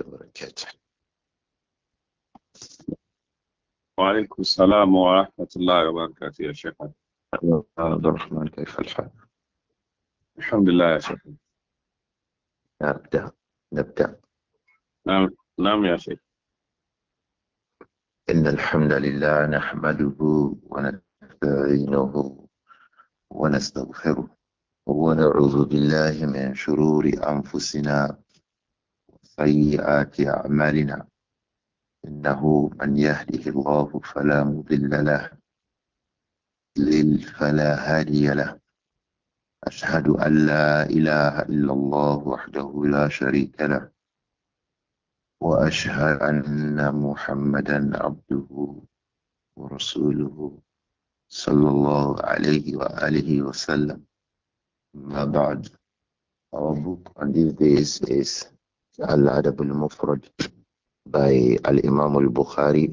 وبركاته وعليكم السلام ورحمة الله وبركاته يا شيخ عبد الرحمن كيف الحال؟ الحمد لله يا شيخ نبدأ نبدأ نعم نعم يا شيخ إن الحمد لله نحمده ونستعينه ونستغفره ونعوذ بالله من شرور أنفسنا سيئات أعمالنا إنه من يهده الله فلا مضل له لل فلا هادي له أشهد أن لا إله إلا الله وحده لا شريك له وأشهد أن محمدا عبده ورسوله صلى الله عليه وآله وسلم ما بعد Our book on these days is Al-Adab al-Mufrad by Al-Imam al-Bukhari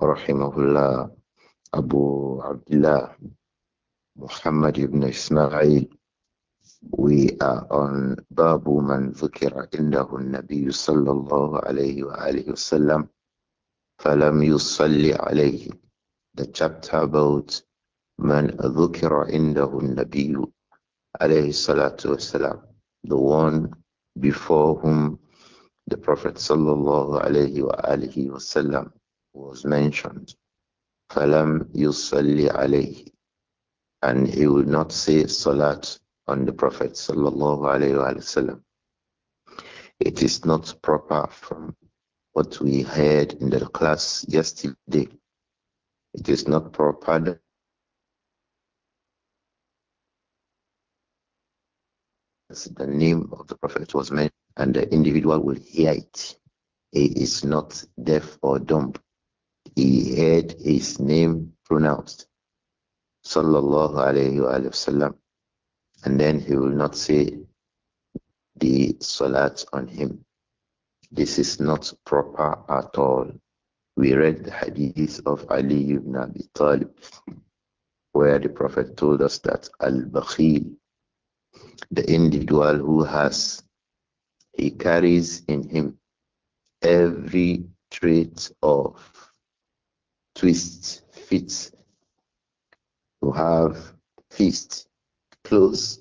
rahimahullah Abu Abdullah Muhammad ibn Ismail we are on Babu man dhukira indahu an-nabiy sallallahu alayhi wa alihi wasallam falam yusalli alayhi the chapter about man dhukira indahu an-nabiy alayhi salatu wasalam the one before whom the Prophet وسلم, was mentioned. Falam yusalli alayhi. And he would not say salat on the Prophet وسلم. It is not proper from what we heard in the class yesterday. It is not proper the name of the prophet was mentioned and the individual will hear it. He is not deaf or dumb. He heard his name pronounced. Sallallahu alayhi wa, And then he will not say the salat on him. This is not proper at all. We read the hadith of Ali ibn Abi Talib where the Prophet told us that Al-Bakhil the individual who has, he carries in him every trait of twist, fit, to have fist, close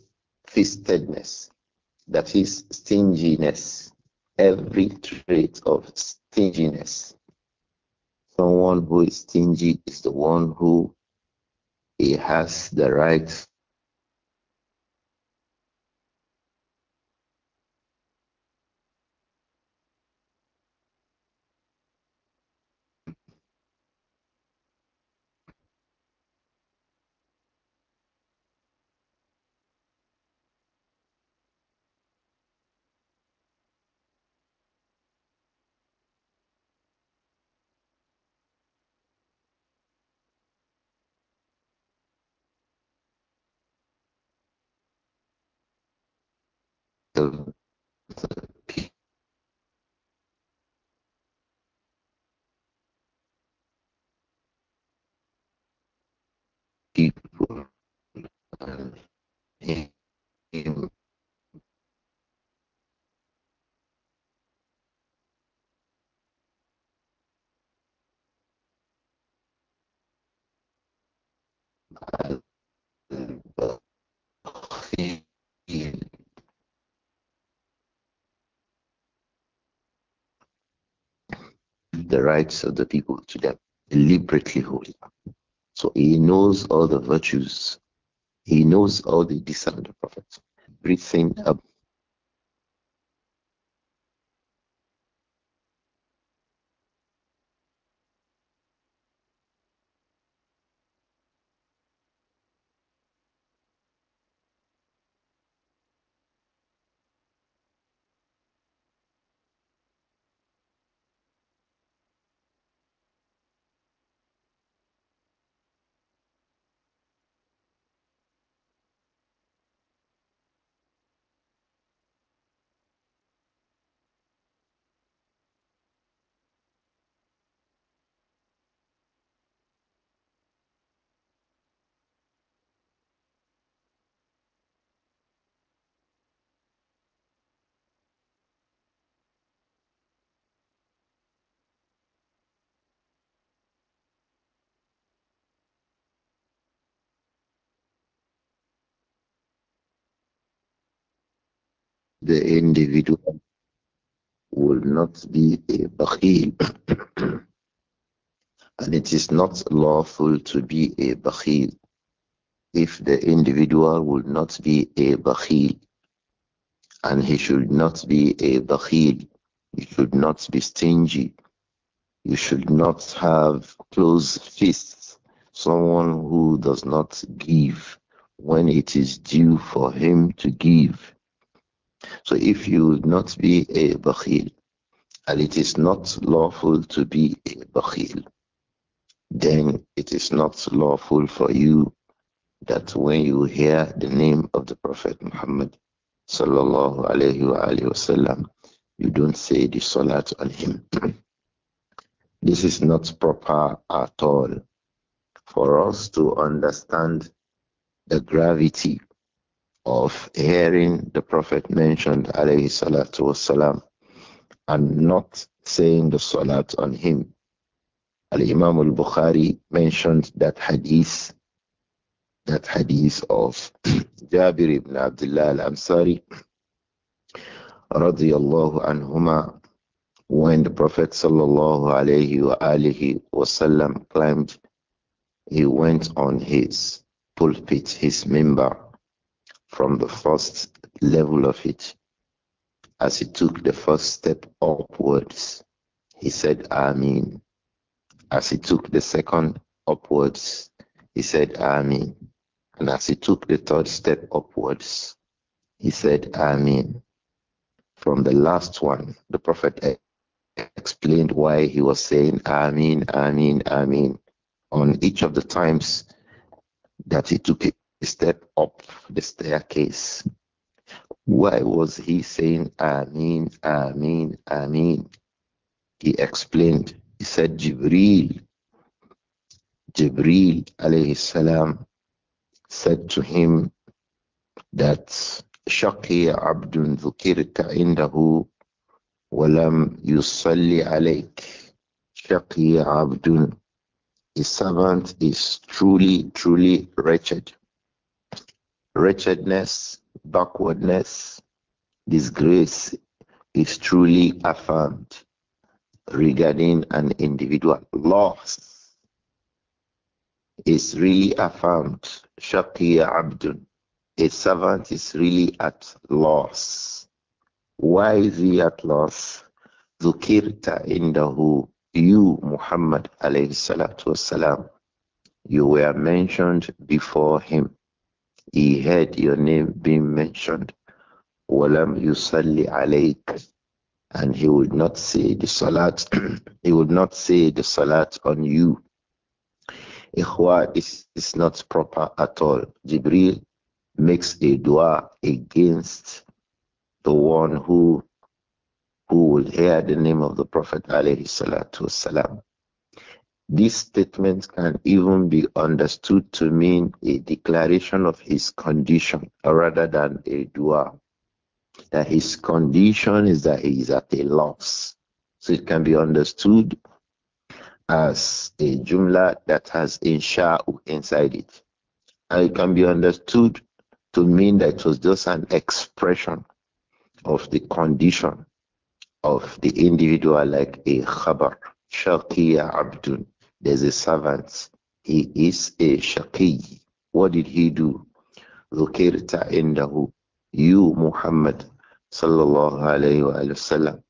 fistedness, that is stinginess, every trait of stinginess. Someone who is stingy is the one who he has the right the rights of the people to them, deliberately holy. So he knows all the virtues. He knows all the deeds of the Prophet. Everything about the individual will not be a bakhil. and it is not lawful to be a bakhil if the individual will not be a bakhil. And he should not be a bakhil. He should not be stingy. You should not have closed fists. Someone who does not give when it is due for him to give so if you would not be a bakhil, and it is not lawful to be a bakhil, then it is not lawful for you that when you hear the name of the Prophet Muhammad sallallahu alayhi wa wasallam, you don't say the salat on him. this is not proper at all for us to understand the gravity of hearing the Prophet mentioned alayhi salatu wasalam and not saying the salat on him. Al Imam al Bukhari mentioned that hadith, that hadith of Jabir ibn Abdullah al Ansari radiallahu anhuma when the Prophet sallallahu alayhi wa alihi wasallam climbed, he went on his pulpit, his member from the first level of it. As he took the first step upwards, he said, Amen. As he took the second upwards, he said, Amen. And as he took the third step upwards, he said, Amen. From the last one, the Prophet explained why he was saying, Amen, Amen, Amen. On each of the times that he took it step up the staircase. Why was he saying Amin, Amin, Amin? He explained, he said Jibril, Jibril alayhi salam said to him that Shaqi Abdun Zukir indahu walam yusalli alayk. Shaqi Abdun, his servant is truly, truly wretched wretchedness, backwardness, disgrace is truly affirmed regarding an individual. Loss is really affirmed. Shakir Abdun, a servant is really at loss. Why is he at loss? Zukirta indahu, you, Muhammad alayhi salatu wasalam, you were mentioned before him he heard your name being mentioned, Walam Yusalli Alaik, and he would not say the salat, he would not say the salat on you. Ikhwa, this is not proper at all. Jibril makes a dua against the one who who will hear the name of the Prophet alayhi salatu wasalam. This statement can even be understood to mean a declaration of his condition rather than a dua. That his condition is that he is at a loss. So it can be understood as a jumla that has insha inside it. And it can be understood to mean that it was just an expression of the condition of the individual like a khabar. Shaqiya Abdun. There's a servant. He is a shaqi. What did he do? ذكرت عنده You, Muhammad, sallallahu alayhi wa sallam,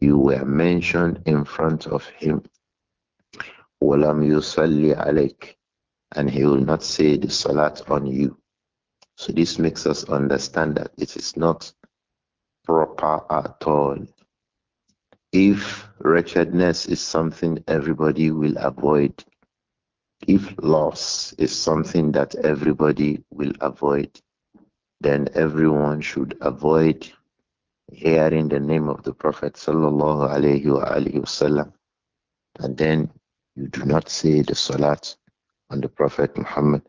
you were mentioned in front of him. وَلَمْ يُصَلِّ عَلَيْكَ And he will not say the salat on you. So this makes us understand that it is not proper at all if wretchedness is something everybody will avoid, if loss is something that everybody will avoid, then everyone should avoid hearing the name of the Prophet sallallahu alaihi wasallam, and then you do not say the salat on the Prophet Muhammad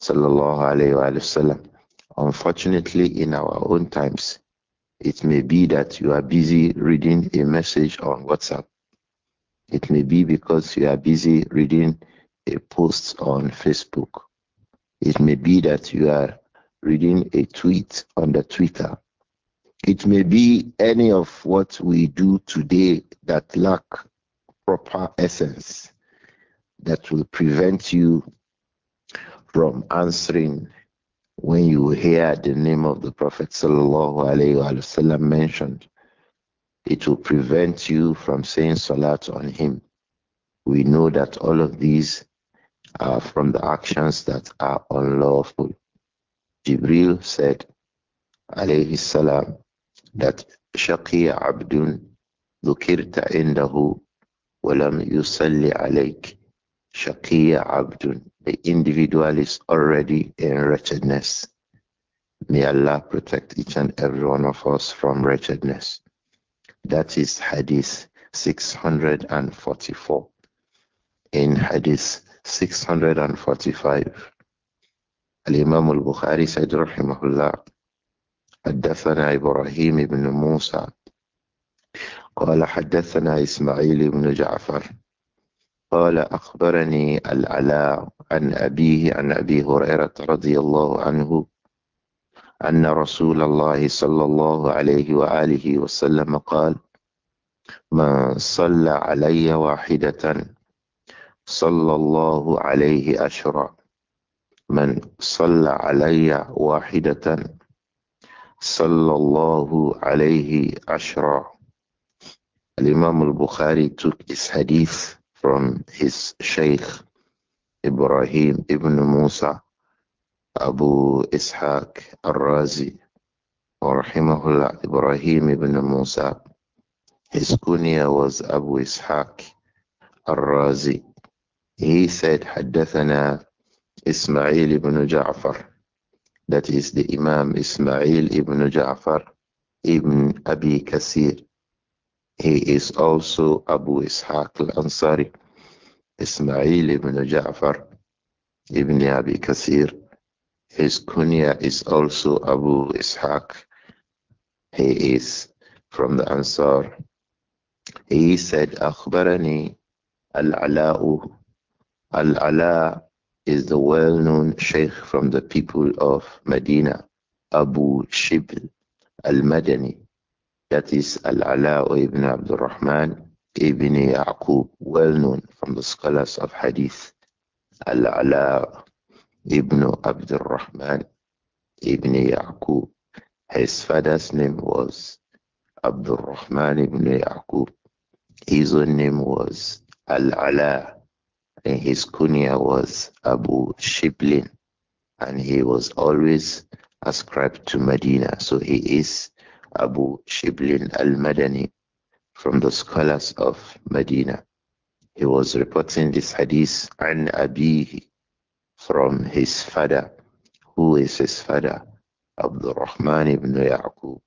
sallallahu alaihi wasallam. Unfortunately, in our own times, it may be that you are busy reading a message on WhatsApp. It may be because you are busy reading a post on Facebook. It may be that you are reading a tweet on the Twitter. It may be any of what we do today that lack proper essence that will prevent you from answering when you hear the name of the Prophet وسلم, mentioned, it will prevent you from saying salat on him. We know that all of these are from the actions that are unlawful. Jibril said, alayhi salam, that Shaqi Abdun ذكرت عنده walam يصلي عليك shakia abdun." the individual is already in wretchedness. May Allah protect each and every one of us from wretchedness. That is Hadith 644. In Hadith 645, الإمام البخاري سيد رحمه الله حدثنا إبراهيم بن موسى قال حدثنا إسماعيل بن جعفر قال أخبرني العلاء عن أبيه عن أبي هريرة رضي الله عنه أن رسول الله صلى الله عليه وآله وسلم قال من صلى علي واحدة صلى الله عليه أشرا من صلى علي واحدة صلى الله عليه أشرا الإمام البخاري al Bukhari took this hadith from his Shaykh Ibrahim ibn Musa Abu Ishaq al-Razi rahimahullah Ibrahim ibn Musa his kunya was Abu Ishaq al-Razi he said حدثنا Ismail ibn Ja'far that is the Imam Ismail ibn Ja'far ibn Abi Kasir he is also Abu Ishaq al-Ansari, Ismail ibn Ja'far ibn Abi Kasir. His kunya is also Abu Ishaq. He is from the Ansar. He said, Akhbarani al-Ala'u. Al-Ala is the well-known sheikh from the people of Medina, Abu Shibl al-Madani. That is Al-Ala ibn Abdul Rahman ibn Yaqub, well known from the scholars of Hadith. Al-Ala ibn Abdul Rahman ibn Yaqub. His father's name was Abdul Rahman ibn Yaqub. His own name was Al-Ala and his kunya was Abu Shiblin and he was always ascribed to Medina. So he is Abu Shiblin al-Madani from the scholars of Medina. He was reporting this hadith an Abihi from his father. Who is his father? Abdul Rahman ibn Yaqub,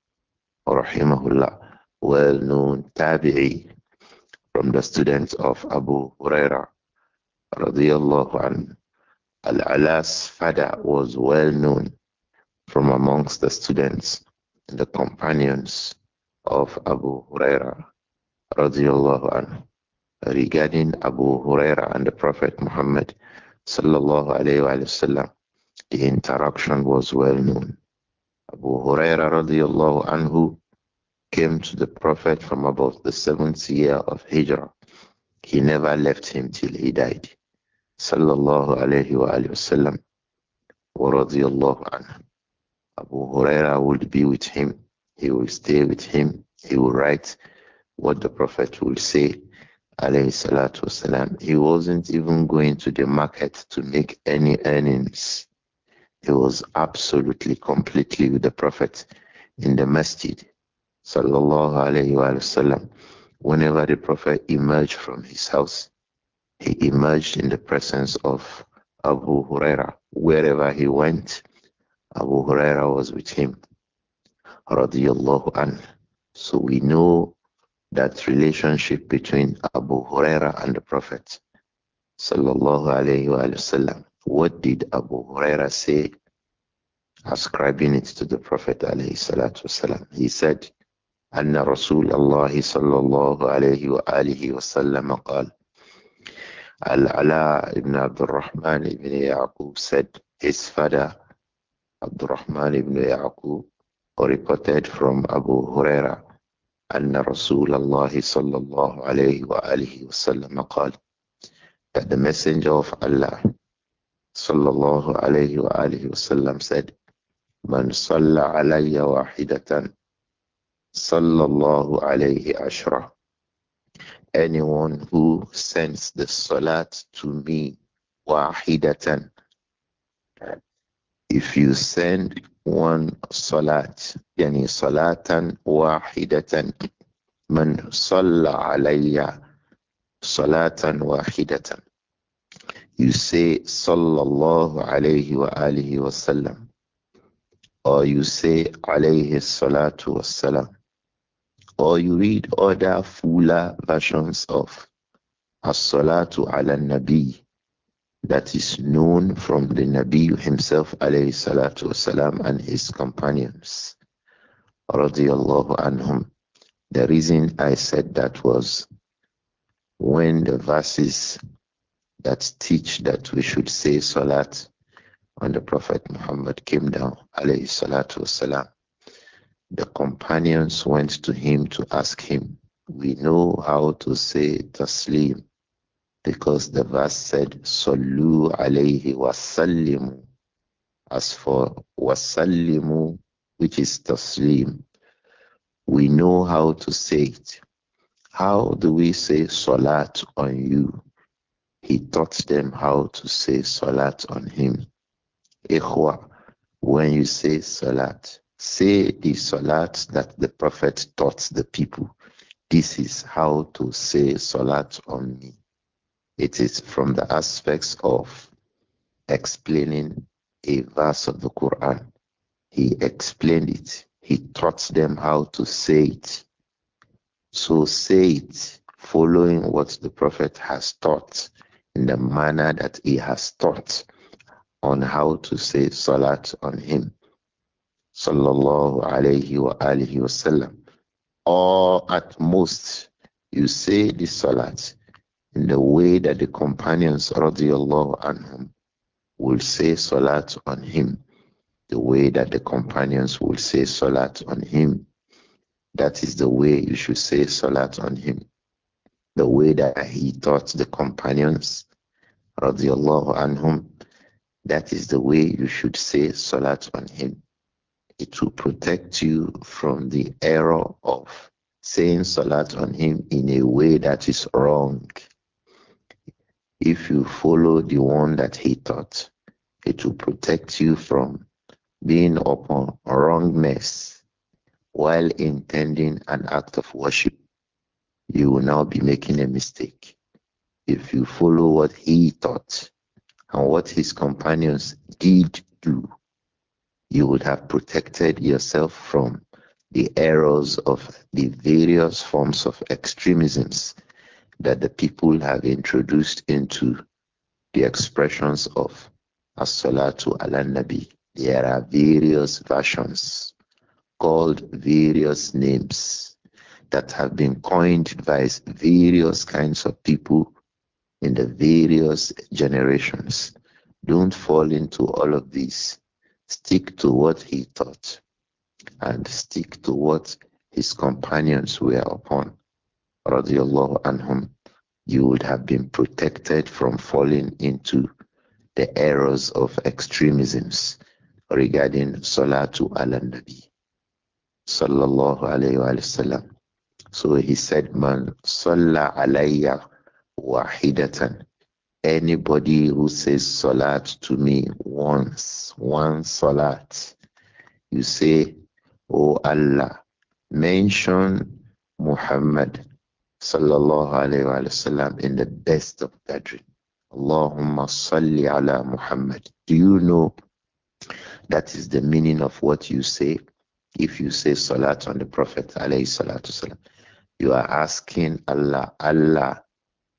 rahimahullah, well-known tabi'i from the students of Abu Huraira, radiyallahu anhu. Al-Ala's father was well known from amongst the students the companions of Abu Huraira radiallahu anhu regarding Abu Huraira and the Prophet Muhammad sallallahu alayhi wa sallam. The interaction was well known. Abu Huraira radiallahu anhu came to the Prophet from about the seventh year of Hijrah. He never left him till he died. Sallallahu alayhi wa sallam wa radiallahu anhu. Abu Huraira would be with him, he will stay with him, he will write what the Prophet would say, He wasn't even going to the market to make any earnings. He was absolutely, completely with the Prophet in the masjid, sallallahu wasallam. Whenever the Prophet emerged from his house, he emerged in the presence of Abu Huraira. Wherever he went, Abu Huraira was with him. Radiallahu anhu. So we know that relationship between Abu Huraira and the Prophet. Sallallahu alayhi wa sallam. What did Abu Huraira say ascribing it to the Prophet alayhi salatu wasalam? He said, أن رسول الله صلى الله عليه وآله وسلم قال العلاء بن عبد الرحمن بن يعقوب said his father Abdurrahman ibn Yaqub reported from Abu Huraira anna Rasulullah الله صلى الله عليه وآله that the messenger of Allah صلى الله عليه وآله وسلم said من صلى علي واحدة صلى anyone who sends the salat to me wahidatan if you send one salat, yani salatan wahidatan, man salla alayya salatan wahidatan. You say sallallahu alayhi wa alihi wa sallam, or you say alayhi salatu wa salam, or you read other fuller versions of as-salatu ala nabi that is known from the Nabi himself alayhi salatu wasalam and his companions radiallahu anhum. The reason I said that was when the verses that teach that we should say salat on the Prophet Muhammad came down alayhi salatu wasalam. The companions went to him to ask him, we know how to say taslim because the verse said Sallu alayhi wasallimu. As for wasallimu, which is taslim, we know how to say it. How do we say salat on you? He taught them how to say salat on him. Ikhwa, when you say salat, say the salat that the Prophet taught the people. This is how to say salat on me. It is from the aspects of explaining a verse of the Quran. He explained it. He taught them how to say it. So say it following what the Prophet has taught in the manner that he has taught on how to say salat on him. Sallallahu alayhi wa alihi wasallam. Or at most, you say this salat in the way that the companions radiallahu anhum will say salat on him, the way that the companions will say salat on him. That is the way you should say salat on him. The way that he taught the companions radiallahu anhum, that is the way you should say salat on him. It will protect you from the error of saying salat on him in a way that is wrong if you follow the one that he taught, it will protect you from being upon a wrong mess while intending an act of worship. You will now be making a mistake. If you follow what he taught and what his companions did do, you would have protected yourself from the errors of the various forms of extremisms that the people have introduced into the expressions of as-salatu ala nabi. There are various versions called various names that have been coined by various kinds of people in the various generations. Don't fall into all of these. Stick to what he taught and stick to what his companions were upon radiallahu anhum, you would have been protected from falling into the errors of extremisms regarding Salatu ala Nabi. Sallallahu alayhi wa sallam. So he said, Man salla alayya wahidatan. Anybody who says salat to me once, one salat, you say, oh Allah, mention Muhammad sallallahu alayhi wa sallam in the best of gardens. Allahumma salli ala Muhammad. Do you know that is the meaning of what you say? If you say salat on the Prophet alayhi salatu salam, you are asking Allah, Allah,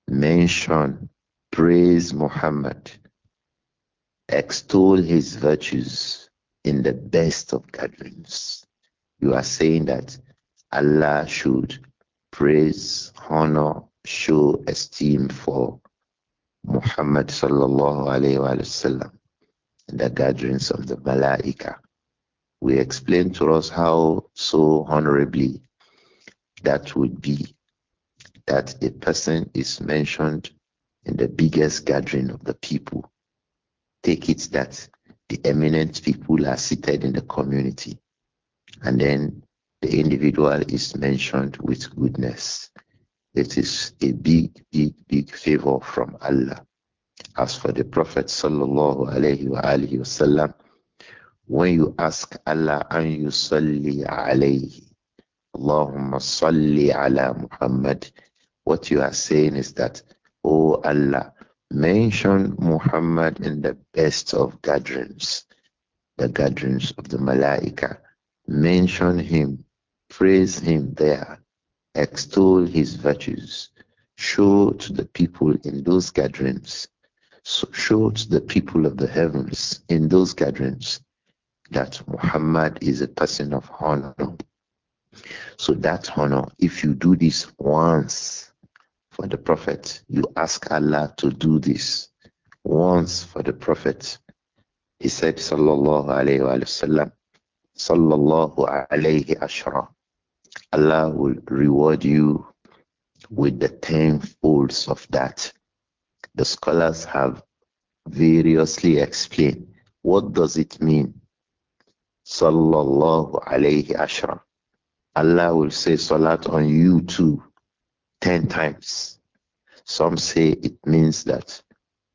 mention, praise Muhammad, extol his virtues in the best of gatherings. You are saying that Allah should praise, honor, show esteem for Muhammad sallallahu alayhi wa sallam in the gatherings of the Malaika. We explained to us how so honorably that would be that a person is mentioned in the biggest gathering of the people. Take it that the eminent people are seated in the community. And then the individual is mentioned with goodness. It is a big, big, big favor from Allah. As for the Prophet sallallahu wa sallam, when you ask Allah and you salli alayhi, Allahumma salli ala Muhammad, what you are saying is that, O oh Allah, mention Muhammad in the best of gatherings, the gatherings of the Malaika. Mention him praise him there, extol his virtues, show to the people in those gatherings, show to the people of the heavens in those gatherings that Muhammad is a person of honor. So that honor, if you do this once for the Prophet, you ask Allah to do this once for the Prophet. He said, Sallallahu Alaihi Wasallam, Sallallahu Alaihi Ashra. Allah will reward you with the tenfolds of that. The scholars have variously explained what does it mean. Sallallahu alayhi ashram. Allah will say salat on you too, ten times. Some say it means that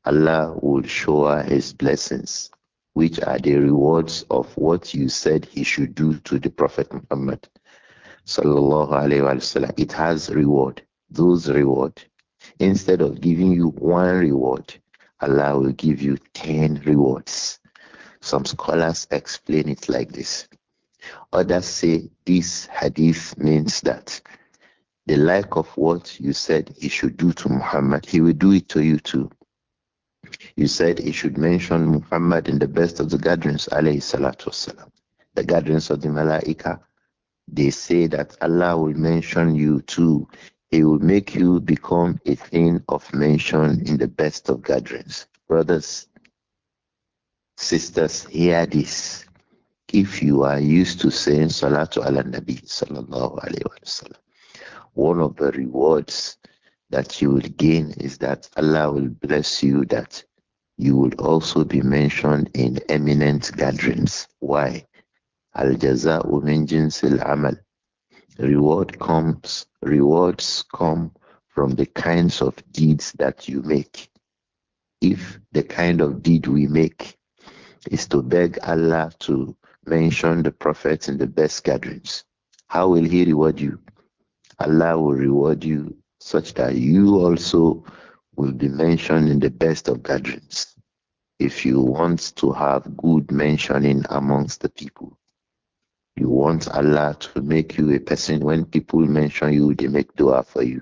Allah will shower His blessings, which are the rewards of what you said He should do to the Prophet Muhammad sallallahu alayhi wasallam, it has reward, those reward. Instead of giving you one reward, Allah will give you 10 rewards. Some scholars explain it like this. Others say this hadith means that the like of what you said he should do to Muhammad, he will do it to you too. You said he should mention Muhammad in the best of the gatherings, alayhi salatu wasalam, the gatherings of the Malaika, they say that Allah will mention you too. He will make you become a thing of mention in the best of gatherings. Brothers, sisters, hear this. If you are used to saying Salatu ala Nabi sallallahu alayhi wasallam, one of the rewards that you will gain is that Allah will bless you that you will also be mentioned in eminent gatherings. Why? Al jaza'u min jinsil amal. Reward comes, rewards come from the kinds of deeds that you make. If the kind of deed we make is to beg Allah to mention the prophets in the best gatherings, how will He reward you? Allah will reward you such that you also will be mentioned in the best of gatherings. If you want to have good mentioning amongst the people, you want Allah to make you a person when people mention you, they make dua for you.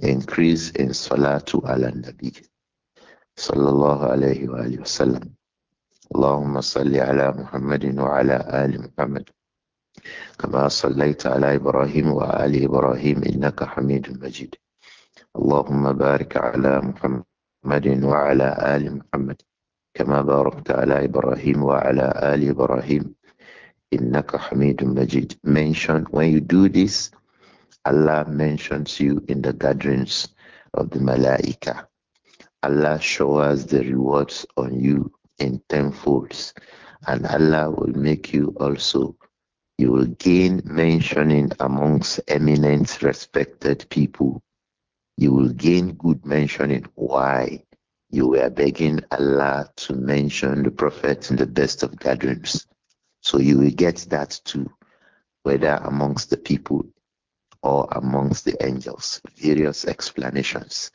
Increase in salah to Allah nabi. Sallallahu alayhi wa, alayhi wa sallam. اللهم صل على محمد وعلى آل محمد كما صليت على إبراهيم وآل إبراهيم إنك حميد مجيد اللهم بارك على محمد وعلى آل محمد كما باركت Ibrahim wa ala ali Ibrahim. Innaka Hamidun Majid mentioned when you do this, Allah mentions you in the gatherings of the Malaika. Allah showers the rewards on you in tenfolds, and Allah will make you also. You will gain mentioning amongst eminent, respected people. You will gain good mentioning. Why? You were begging Allah to mention the Prophet in the best of gatherings. So you will get that too, whether amongst the people or amongst the angels. Various explanations.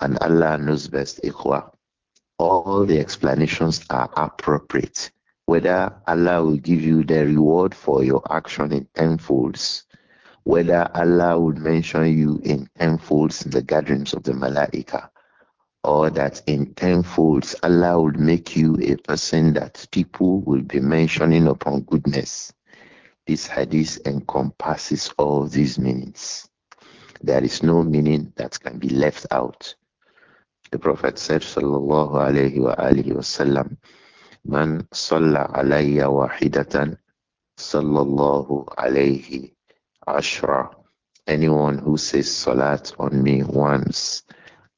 And Allah knows best, Ikhwa. All the explanations are appropriate. Whether Allah will give you the reward for your action in tenfolds, whether Allah will mention you in tenfolds in the gatherings of the Malaika, or that in tenfolds Allah would make you a person that people will be mentioning upon goodness. This hadith encompasses all these meanings. There is no meaning that can be left out. The Prophet said, Sallallahu alayhi wa alihi wasallam, Man salla alayya wahidatan, Sallallahu alayhi ashra. Anyone who says salat on me once,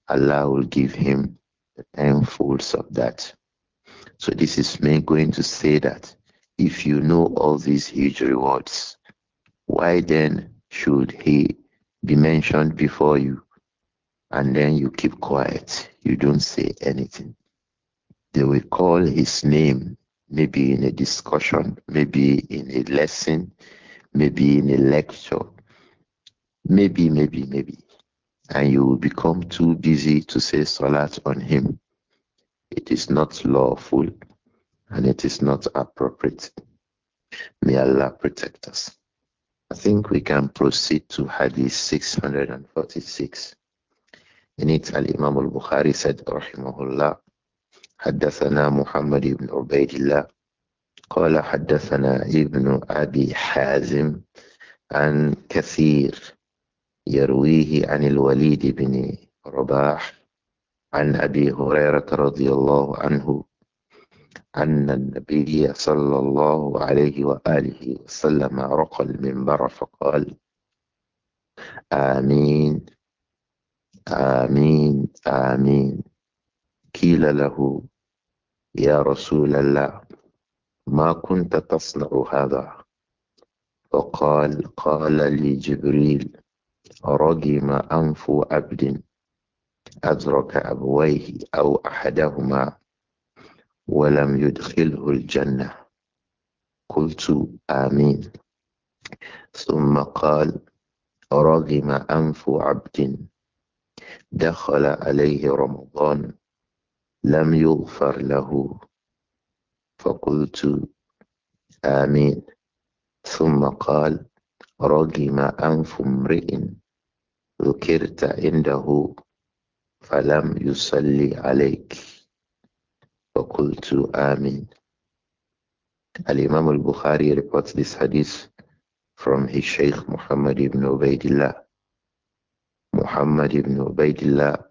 Allah will give him the tenfolds of that. So this is me going to say that if you know all these huge rewards, why then should he be mentioned before you? And then you keep quiet. You don't say anything. They will call his name, maybe in a discussion, maybe in a lesson, maybe in a lecture, maybe, maybe, maybe and you will become too busy to say salat on him. It is not lawful and it is not appropriate. May Allah protect us. I think we can proceed to Hadith 646. In it, Al Imam al Bukhari said, Rahimahullah, حدثنا محمد بن عبيد الله قال حدثنا ابن أبي حازم عن كثير يرويه عن الوليد بن رباح عن أبي هريرة رضي الله عنه أن النبي صلى الله عليه وآله وسلم رقى المنبر فقال آمين آمين آمين قيل له يا رسول الله ما كنت تصنع هذا وقال قال لي جبريل رجم أنف عبد أدرك أبويه أو أحدهما ولم يدخله الجنة قلت آمين ثم قال رغم أنف عبد دخل عليه رمضان لم يغفر له فقلت آمين ثم قال رغم أنف امرئ ذكرت عنده فلم يصلي عليك فقلت آمين imam al-Bukhari reports this hadith from his Shaykh Muhammad ibn Ubaidillah. Muhammad ibn Ubaidillah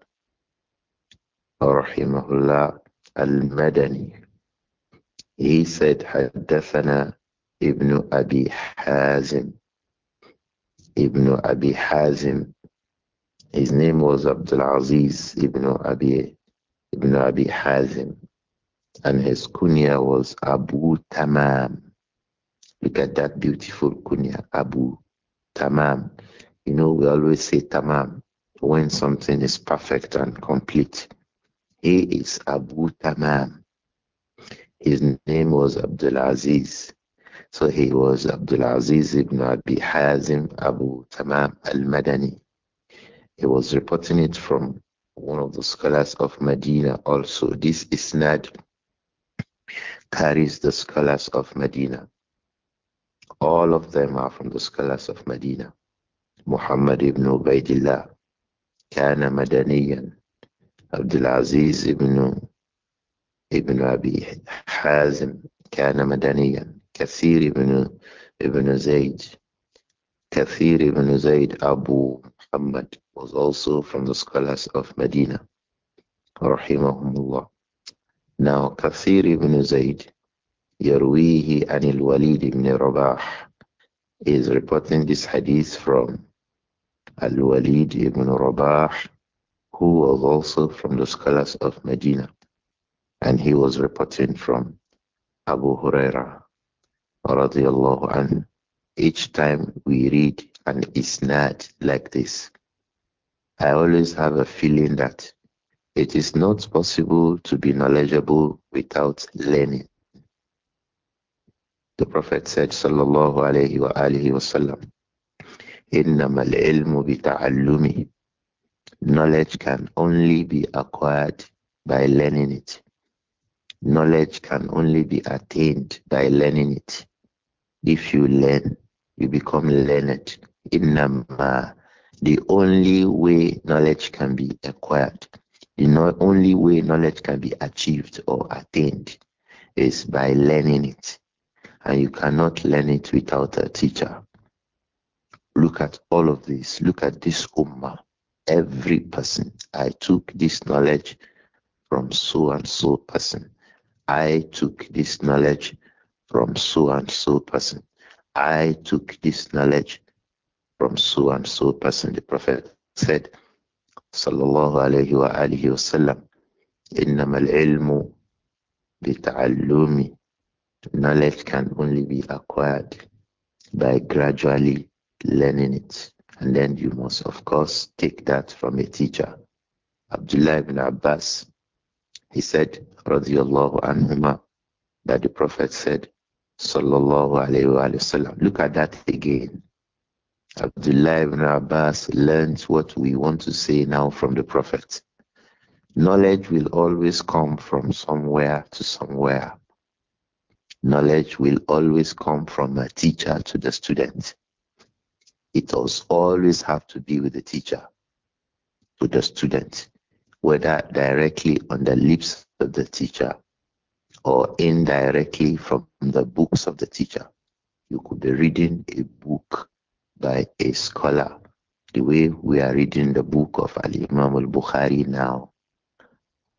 rahimahullah al-Madani. He said, حدثنا ابن أبي حازم ابن أبي حازم His name was Abdul Aziz ibn Abi ibn Abi Hazim, and his kunya was Abu Tamam. Look at that beautiful kunya, Abu Tamam. You know, we always say Tamam when something is perfect and complete. He is Abu Tamam. His name was Abdul Aziz. So he was Abdul Aziz ibn Abi Hazim Abu Tamam al Madani. He was reporting it from one of the scholars of Medina also. This isnad carries the scholars of Medina. All of them are from the scholars of Medina. Muhammad ibn Ubaidillah كان مدنيا Abdul Aziz ibn ibn Abi حازم كان مدنيا كثير ibn ibn زيد كثير ibn زيد Abu Muhammad was also from the scholars of Medina. Rahimahumullah. Now, Kathir ibn Zayd, Yarwihi anil Walid ibn Rabah, is reporting this hadith from Al Walid ibn Rabah, who was also from the scholars of Medina. And he was reporting from Abu Huraira, radiallahu anhu. Each time we read an isnad like this, I always have a feeling that it is not possible to be knowledgeable without learning. The Prophet said, Sallallahu Alaihi wa alihi wasallam, Innama al-ilmu Knowledge can only be acquired by learning it. Knowledge can only be attained by learning it. If you learn, you become learned. Innama the only way knowledge can be acquired, the only way knowledge can be achieved or attained is by learning it. And you cannot learn it without a teacher. Look at all of this. Look at this Ummah. Every person. I took this knowledge from so and so person. I took this knowledge from so and so person. I took this knowledge from so and so person. The Prophet said, Sallallahu alayhi wa alihi wa sallam, Inna al-ilmu bita'allumi. Knowledge can only be acquired by gradually learning it. And then you must, of course, take that from a teacher. Abdullah ibn Abbas, he said, radiallahu anhuma, that the Prophet said, sallallahu alayhi wa sallam, look at that again. Abdullah ibn Abbas learned what we want to say now from the Prophet. Knowledge will always come from somewhere to somewhere. Knowledge will always come from a teacher to the student. It does always have to be with the teacher, to the student, whether directly on the lips of the teacher or indirectly from the books of the teacher. You could be reading a book by a scholar. The way we are reading the book of Al Imam al Bukhari now.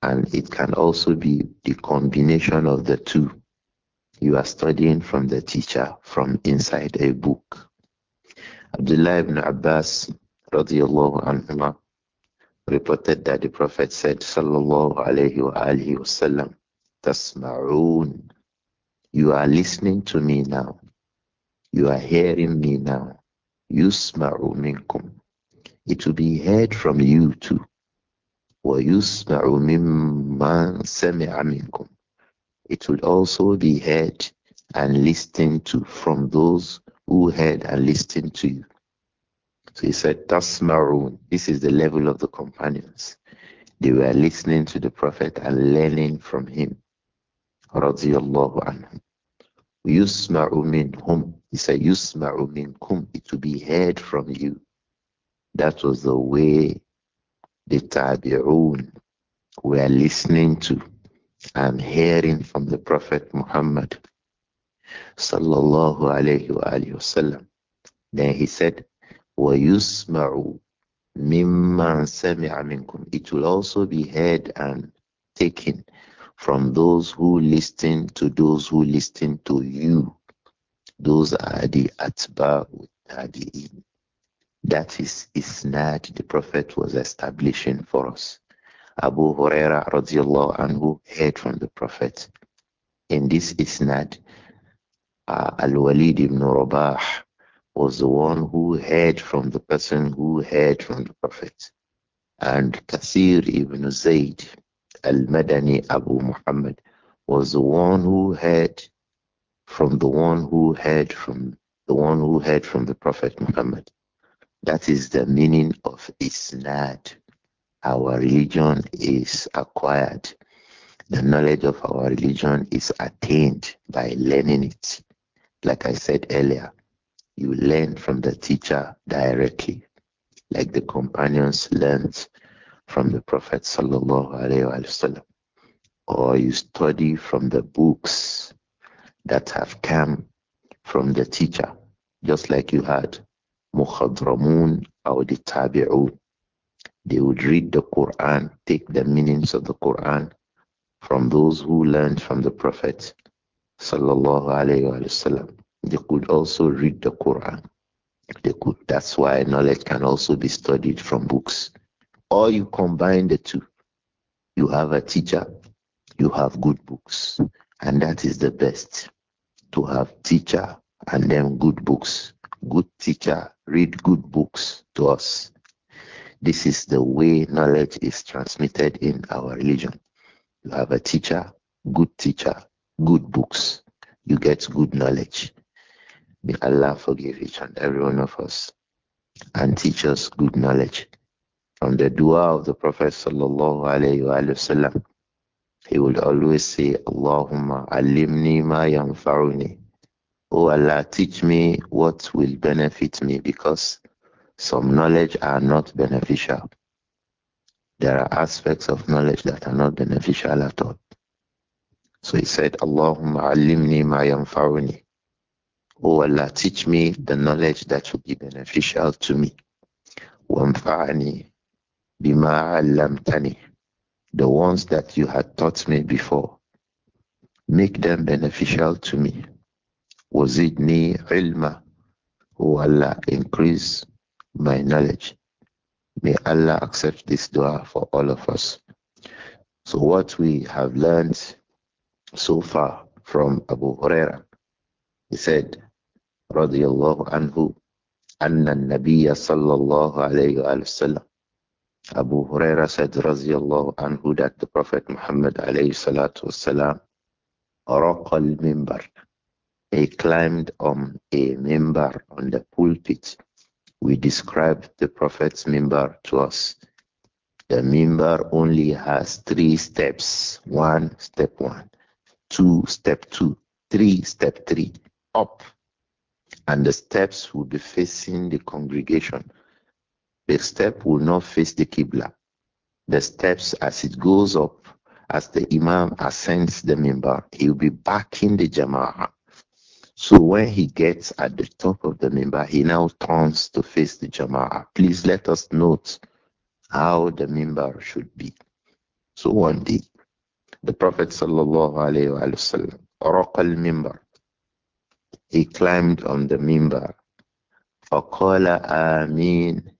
And it can also be the combination of the two. You are studying from the teacher from inside a book. Abdullah ibn Abbas radiallahu anhuma reported that the Prophet said, Sallallahu alayhi wa alihi wasallam, Tasma'un. You are listening to me now. You are hearing me now. Yusma'u minkum. It will be heard from you too. Wa وَيُسْمَعُ مِمَّنْ سَمِعَ minkum. It will also be heard and listened to from those who heard and listened to you. So he said, Tasmarun. This is the level of the companions. They were listening to the Prophet and learning from him. Radiallahu anhum. Yusma'u minhum. He said, Yusma'u minkum, it will be heard from you. That was the way the Tabi'un were listening to and hearing from the Prophet Muhammad. Sallallahu alayhi wa alayhi Then he said, وَيُسْمَعُ مِمَّنْ سَمِعَ مِنْكُمْ It will also be heard and taken from those who listen to those who listen to you. Those are the atba tabi'in. That is isnad the Prophet was establishing for us. Abu Huraira radiallahu anhu heard from the Prophet. In this isnad, uh, Al-Walid ibn Rabah was the one who heard from the person who heard from the Prophet. And Kathir ibn Zayd al-Madani Abu Muhammad was the one who heard from the one who heard from the one who heard from the Prophet Muhammad. That is the meaning of Isnad. Our religion is acquired. The knowledge of our religion is attained by learning it. Like I said earlier, you learn from the teacher directly, like the companions learned from the Prophet sallallahu alaihi wasallam, or you study from the books that have come from the teacher, just like you had Muḥadrāmun or the Tabi'un. They would read the Quran, take the meanings of the Quran from those who learned from the Prophet. Sallallahu They could also read the Quran. They could that's why knowledge can also be studied from books. Or you combine the two. You have a teacher, you have good books, and that is the best to have teacher and then good books. Good teacher, read good books to us. This is the way knowledge is transmitted in our religion. You have a teacher, good teacher, good books. You get good knowledge. May Allah forgive each and every one of us and teach us good knowledge. From the dua of the Prophet sallallahu alaihi wasallam, he would always say, Allahumma alimni ma yanfa'uni. Oh Allah, teach me what will benefit me because some knowledge are not beneficial. There are aspects of knowledge that are not beneficial at all. So he said, Allahumma alimni ma yanfa'uni. Oh Allah, teach me the knowledge that will be beneficial to me. وَانْفَعْنِي بِمَا عَلَّمْتَنِي the ones that you had taught me before. Make them beneficial to me. Was it Wazidni ilma. O Allah, increase my knowledge. May Allah accept this dua for all of us. So what we have learned so far from Abu Huraira, he said, رضي الله عنه أن النبي صلى الله عليه وسلم Abu Huraira said, Raziallahu anhu, that the Prophet Muhammad alayhi salatu wasalam, Mimbar, he climbed on a mimbar on the pulpit. We described the Prophet's mimbar to us. The mimbar only has three steps one, step one, two, step two, three, step three, up. And the steps will be facing the congregation the step will not face the Qibla. The steps, as it goes up, as the Imam ascends the member, he will be backing the Jama'ah. So when he gets at the top of the member, he now turns to face the Jama'ah. Please let us note how the member should be. So one day, the Prophet sallallahu alaihi wasallam raqal member. He climbed on the member. فَقَالَ amin.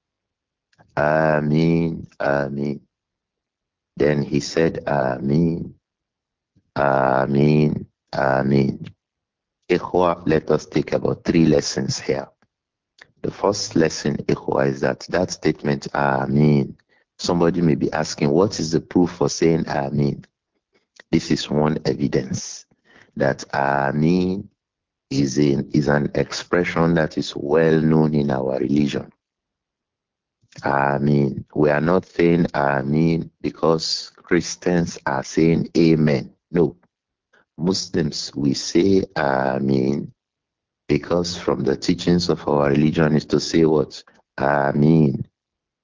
Ameen, Ameen. Then he said, Ameen, Ameen, Ameen. Ikhwa, let us take about three lessons here. The first lesson, Ikhwa, is that that statement, Ameen, somebody may be asking, what is the proof for saying Ameen? This is one evidence that Ameen is, in, is an expression that is well known in our religion. Amen. We are not saying Amen because Christians are saying Amen. No. Muslims, we say Amen because from the teachings of our religion is to say what? Amen.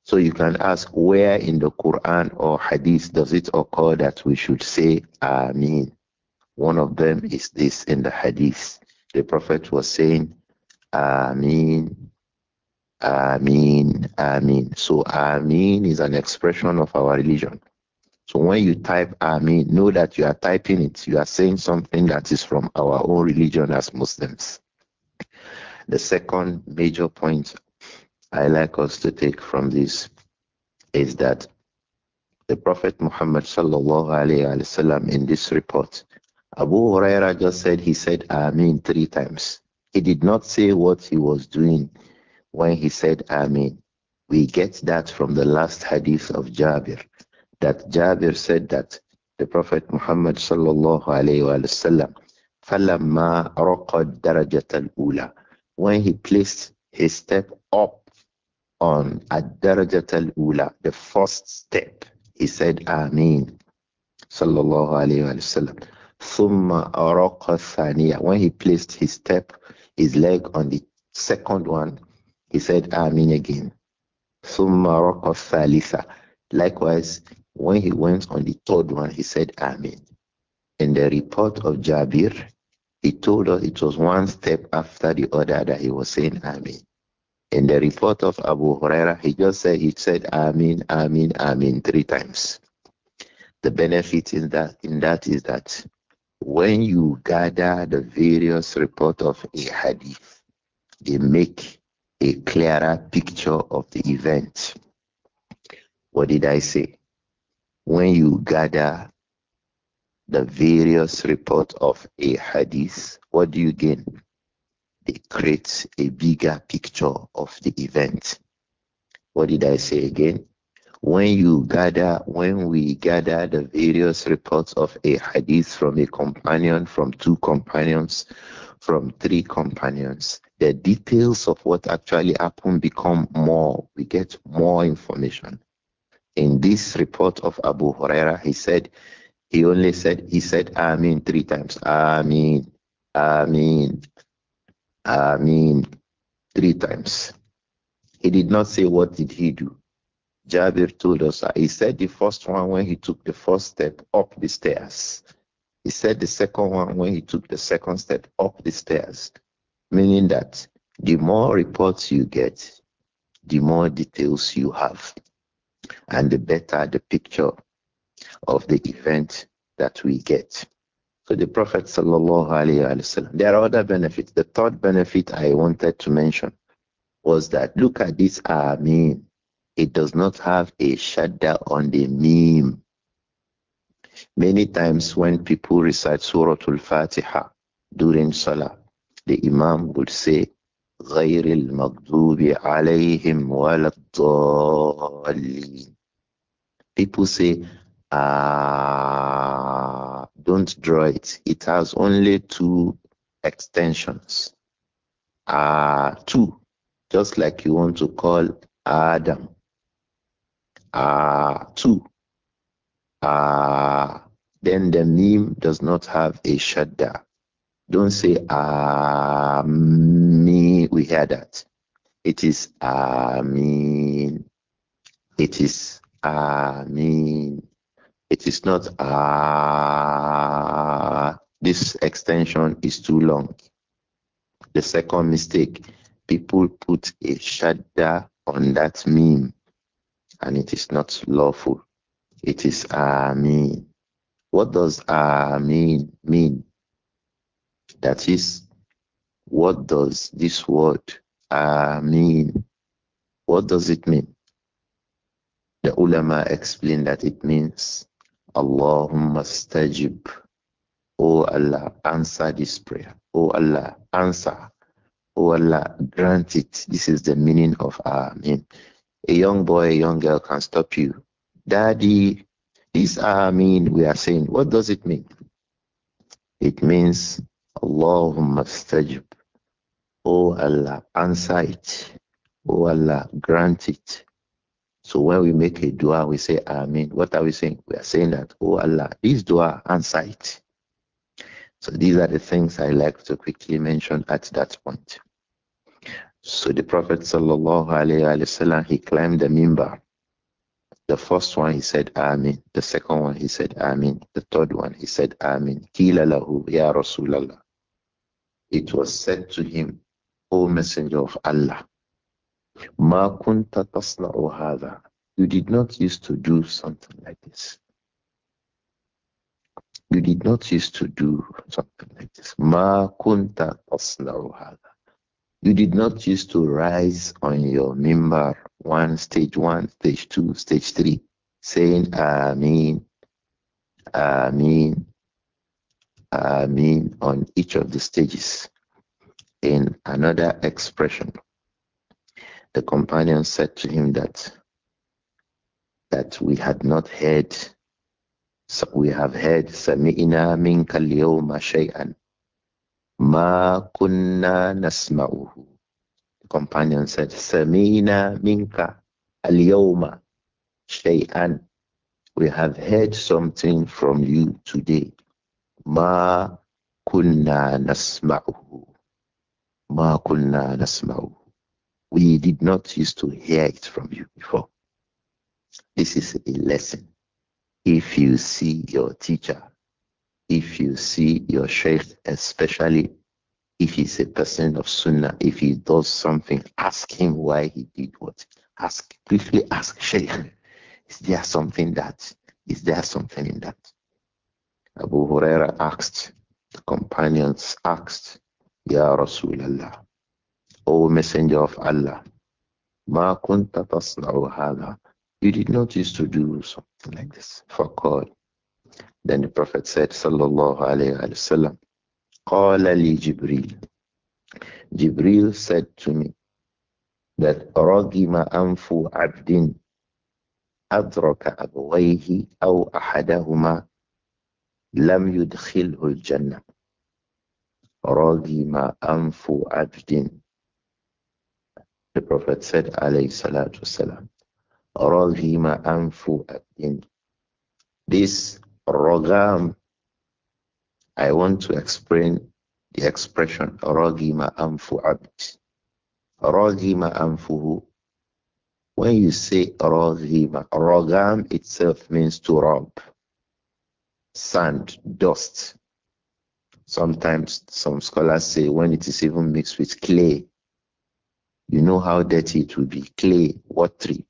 So you can ask where in the Quran or Hadith does it occur that we should say mean? One of them is this in the Hadith. The Prophet was saying mean." Ameen, Ameen. So Amin is an expression of our religion. So when you type Amin, know that you are typing it. You are saying something that is from our own religion as Muslims. The second major point I like us to take from this is that the Prophet Muhammad sallallahu in this report, Abu Huraira just said he said Amin three times. He did not say what he was doing when he said Amin. We get that from the last hadith of Jabir, that Jabir said that the Prophet Muhammad sallallahu alayhi wa sallam, فَلَمَّا رَقَدْ دَرَجَةَ When he placed his step up on الدرجة الأولى, the first step, he said Amin, sallallahu alayhi wa sallam. ثُمَّ أَرَقَ الثَّانِيَةَ When he placed his step, his leg on the second one, he said, Amin again. Summa Salisa. Likewise, when he went on the third one, he said, Amin. In the report of Jabir, he told us it was one step after the other that he was saying Amin. In the report of Abu Huraira, he just said he said Amin, Amin, Amin three times. The benefit in that in that is that when you gather the various report of a hadith, they make a clearer picture of the event. What did I say? When you gather the various reports of a hadith, what do you gain? They create a bigger picture of the event. What did I say again? When you gather, when we gather the various reports of a hadith from a companion, from two companions, from three companions, the details of what actually happened become more. We get more information. In this report of Abu Huraira, he said, he only said, he said, Amin three times. Amin, Amin, Amin, three times. He did not say, What did he do? Jabir told us, he said the first one when he took the first step up the stairs. He said the second one when he took the second step up the stairs. Meaning that the more reports you get, the more details you have, and the better the picture of the event that we get. So the Prophet wasallam. There are other benefits. The third benefit I wanted to mention was that look at this Amin. It does not have a shadow on the meme. Many times when people recite Surah Al-Fatiha during Salah, the Imam would say, غير المغضوب عليهم ولا الضالين. People say, ah, don't draw it. It has only two extensions. Ah, two. Just like you want to call Adam. Ah, two. Ah, then the meme does not have a shadda. Don't say ah me. We hear that. It is ah me. It is ah me. It is not ah. This extension is too long. The second mistake, people put a shadda on that meme, and it is not lawful. It is ah me. What does ah mean mean? That is, what does this word uh, mean? What does it mean? The ulama explain that it means, Allahumma stajib. O oh Allah, answer this prayer. O oh Allah, answer. O oh Allah, grant it. This is the meaning of uh, Amin. A young boy, a young girl can stop you. Daddy, this uh, Amin we are saying, what does it mean? It means Allahumma stajib. Oh Allah, answer it. Oh Allah, grant it. So when we make a dua, we say Amen. What are we saying? We are saying that, Oh Allah, this dua, answer it. So these are the things I like to quickly mention at that point. So the Prophet sallallahu alaihi wasallam he climbed the mimbar. The first one he said Amin. The second one he said Amin. The third one he said Amin. Kila lahu ya Rasulallah it was said to him, O Messenger of Allah, Ma kunta tasna'u hadha. You did not used to do something like this. You did not used to do something like this. Ma kunta tasna'u hadha. You did not used to rise on your member one, stage one, stage two, stage three, saying Ameen, Ameen, Mean on each of the stages. In another expression, the companion said to him that that we had not heard so we have heard سمعنا Minka اليوم شيئا Ma kunna نسمعه The companion said سمعنا Minka Alioma Shayan. We have heard something from you today Ma kunna nasma'uhu. Ma kunna nasma'uhu. We did not used to hear it from you before. This is a lesson. If you see your teacher, if you see your sheikh, especially if he's a person of sunnah, if he does something, ask him why he did what. Ask briefly ask sheikh, is there something that is there something in that? Abu Huraira asked, the companions asked, Ya Rasulallah, O Messenger of Allah, Ma kunta tasna'u You did not used to do something like this. For God. Then the Prophet said, Sallallahu alayhi wasallam, Qala li Jibril. Jibril said to me that Ragima anfu abdin adraka abwayhi aw ahadahuma لم يدخله الجنة رغم أنف عبد The Prophet said alayhi salatu wasalam رغم أنف عبد This rogam I want to explain the expression ragima anfu abd. Ragima anfuhu. When you say ragima, ragam itself means to rob sand, dust. Sometimes some scholars say when it is even mixed with clay, you know how dirty it will be clay, watery.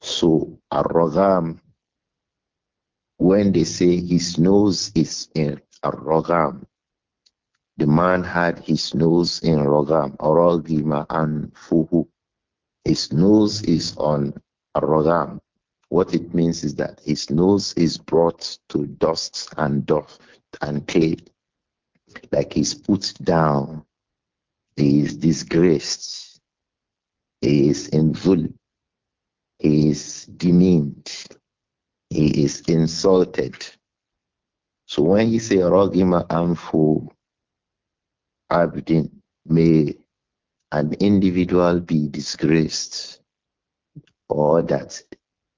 So, Arrogam, when they say his nose is in Arrogam, the man had his nose in Rogam, Orogima, and Fuhu. His nose is on Rogam. What it means is that his nose is brought to dust and doth and clay, like he's put down, he is disgraced, he is invulnerable, he is demeaned, he is insulted. So when he say Ragima Amfu Abdin, may an individual be disgraced or that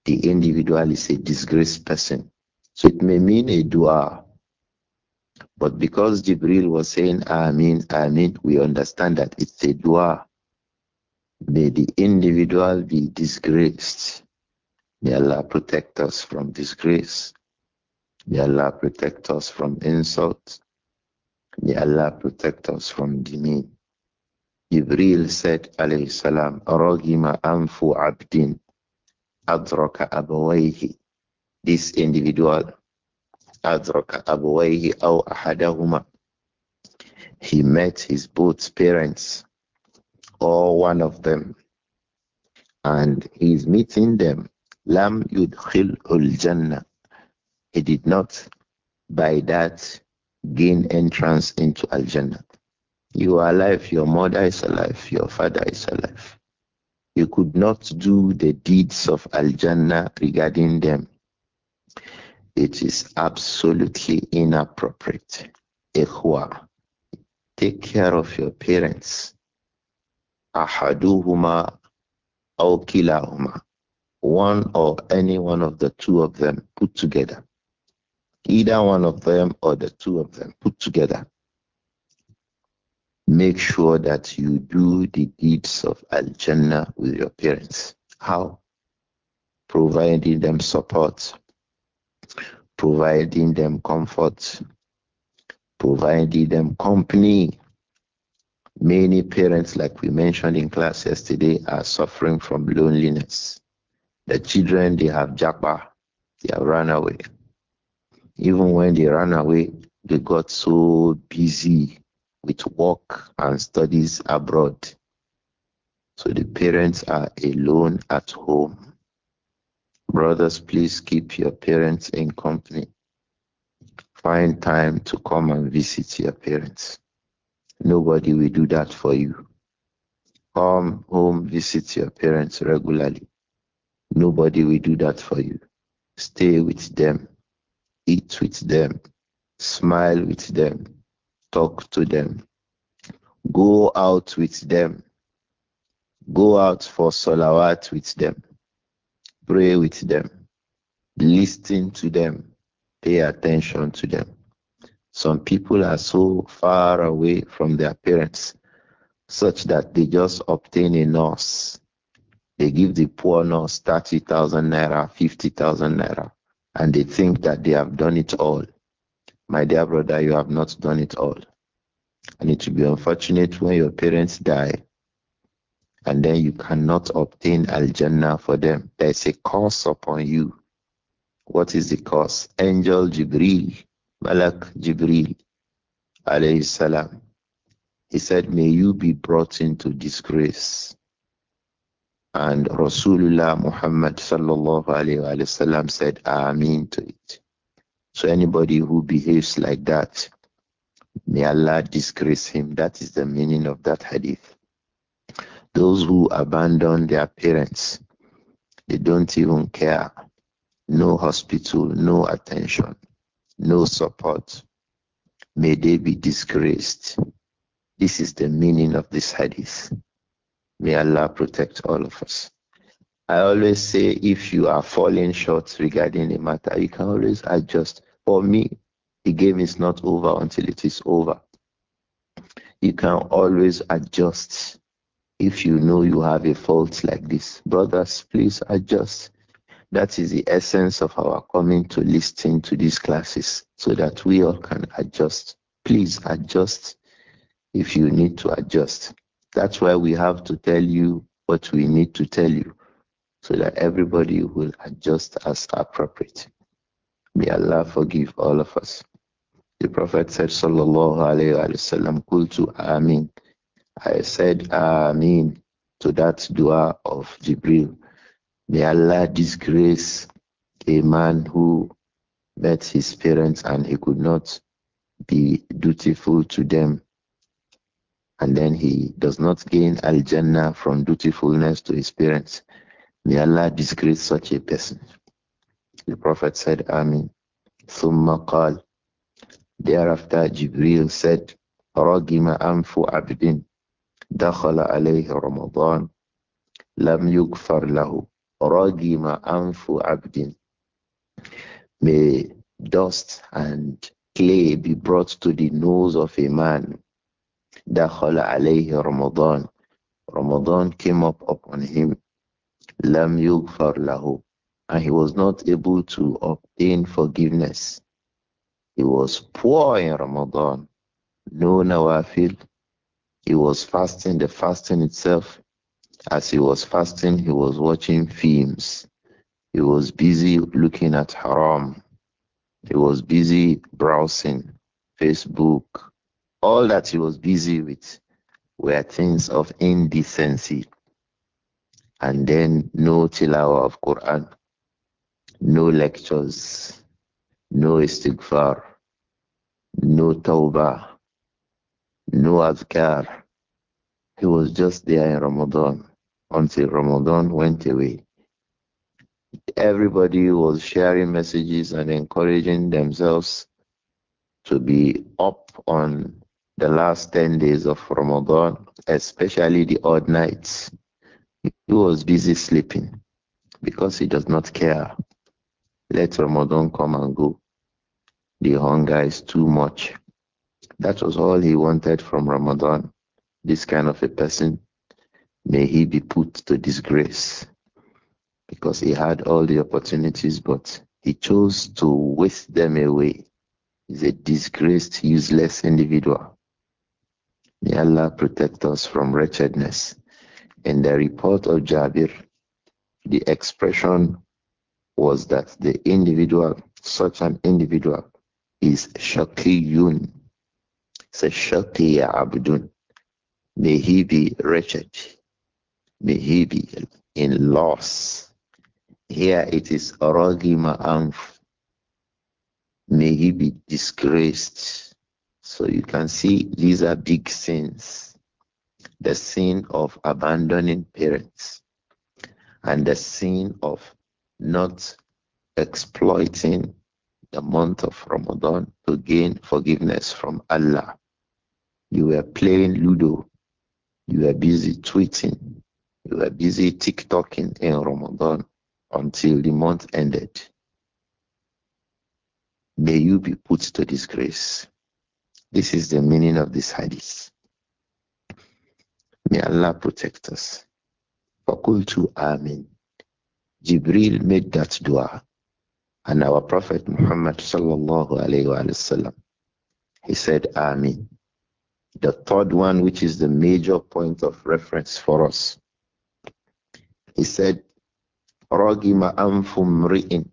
the individual is a disgraced person. So it may mean a dua. But because Jibril was saying Amin, Amin, we understand that it's a dua. May the individual be disgraced. May Allah protect us from disgrace. May Allah protect us from insult. May Allah protect us from demean. Jibril said, alayhi salam, Ragima anfu abdin adraka abawayhi. This individual adraka abawayhi aw ahadahuma. He met his both parents or one of them and he is meeting them. Lam yudkhilul jannah. He did not by that gain entrance into al jannah. You are alive, your mother is alive, your father is alive. You could not do the deeds of Al Jannah regarding them. It is absolutely inappropriate. Ikhwa, take care of your parents. Ahaduhuma kila kilahuma. One or any one of the two of them put together. Either one of them or the two of them put together make sure that you do the deeds of Al Jannah with your parents. How? Providing them support, providing them comfort, providing them company. Many parents, like we mentioned in class yesterday, are suffering from loneliness. The children, they have japa, they have run away. Even when they run away, they got so busy with work and studies abroad. So the parents are alone at home. Brothers, please keep your parents in company. Find time to come and visit your parents. Nobody will do that for you. Come home, visit your parents regularly. Nobody will do that for you. Stay with them, eat with them, smile with them, talk to them. Go out with them. Go out for salawat with them. Pray with them. Listen to them. Pay attention to them. Some people are so far away from their parents such that they just obtain a nurse. They give the poor nurse 30,000 naira, 50,000 naira, and they think that they have done it all. My dear brother, you have not done it all. And it will be unfortunate when your parents die and then you cannot obtain Al Jannah for them. There's a curse upon you. What is the curse? Angel Jibril, Malak Jibril, alayhi salam. He said, May you be brought into disgrace. And Rasulullah Muhammad sallallahu alayhi wa said, Ameen to it. So anybody who behaves like that, may Allah disgrace him. That is the meaning of that hadith. Those who abandon their parents, they don't even care. No hospital, no attention, no support. May they be disgraced. This is the meaning of this hadith. May Allah protect all of us. I always say if you are falling short regarding a matter, you can always adjust. For me, the game is not over until it is over. You can always adjust if you know you have a fault like this. Brothers, please adjust. That is the essence of our coming to listen to these classes so that we all can adjust. Please adjust if you need to adjust. That's why we have to tell you what we need to tell you so that everybody will adjust as appropriate. May Allah forgive all of us. The Prophet said, Sallallahu Alaihi Wasallam, Kultu Ameen. I said, Ameen, to that dua of Jibril. May Allah disgrace a man who met his parents and he could not be dutiful to them. And then he does not gain al Jannah from dutifulness to his parents. May Allah disgrace such a person. The Prophet said, Amin. Thumma qal. Thereafter, Jibril said, Ragima anfu abdin. Dakhala alayhi Ramadan. Lam yukfar lahu. Ragima anfu abdin. May dust and clay be brought to the nose of a man. Dakhala alayhi Ramadan. Ramadan came up upon him. Lam far lahu. And he was not able to obtain forgiveness. He was poor in Ramadan. No nawafil. He was fasting. The fasting itself, as he was fasting, he was watching films. He was busy looking at haram. He was busy browsing Facebook. All that he was busy with were things of indecency and then no tilawa of Quran, no lectures, no istighfar, no tawbah, no adhkar. He was just there in Ramadan until Ramadan went away. Everybody was sharing messages and encouraging themselves to be up on the last 10 days of Ramadan, especially the odd nights he was busy sleeping because he does not care. Let Ramadan come and go. The hunger is too much. That was all he wanted from Ramadan. This kind of a person, may he be put to disgrace because he had all the opportunities, but he chose to waste them away. He's a disgraced, useless individual. May Allah protect us from wretchedness. In the report of Jabir, the expression was that the individual, such an individual, is shakiyun. It's a shakiya abdun. May he be wretched. May he be in loss. Here it is ragima anf. May he be disgraced. So you can see these are big sins the sin of abandoning parents and the sin of not exploiting the month of Ramadan to gain forgiveness from Allah. You were playing Ludo, you were busy tweeting, you were busy TikToking in Ramadan until the month ended. May you be put to disgrace. This is the meaning of this hadith. May Allah protect us. Fakultu Amin. Jibril made that dua. And our Prophet Muhammad sallallahu alayhi wa he said Amin. The third one, which is the major point of reference for us, he said, Ragima anfum ri'in.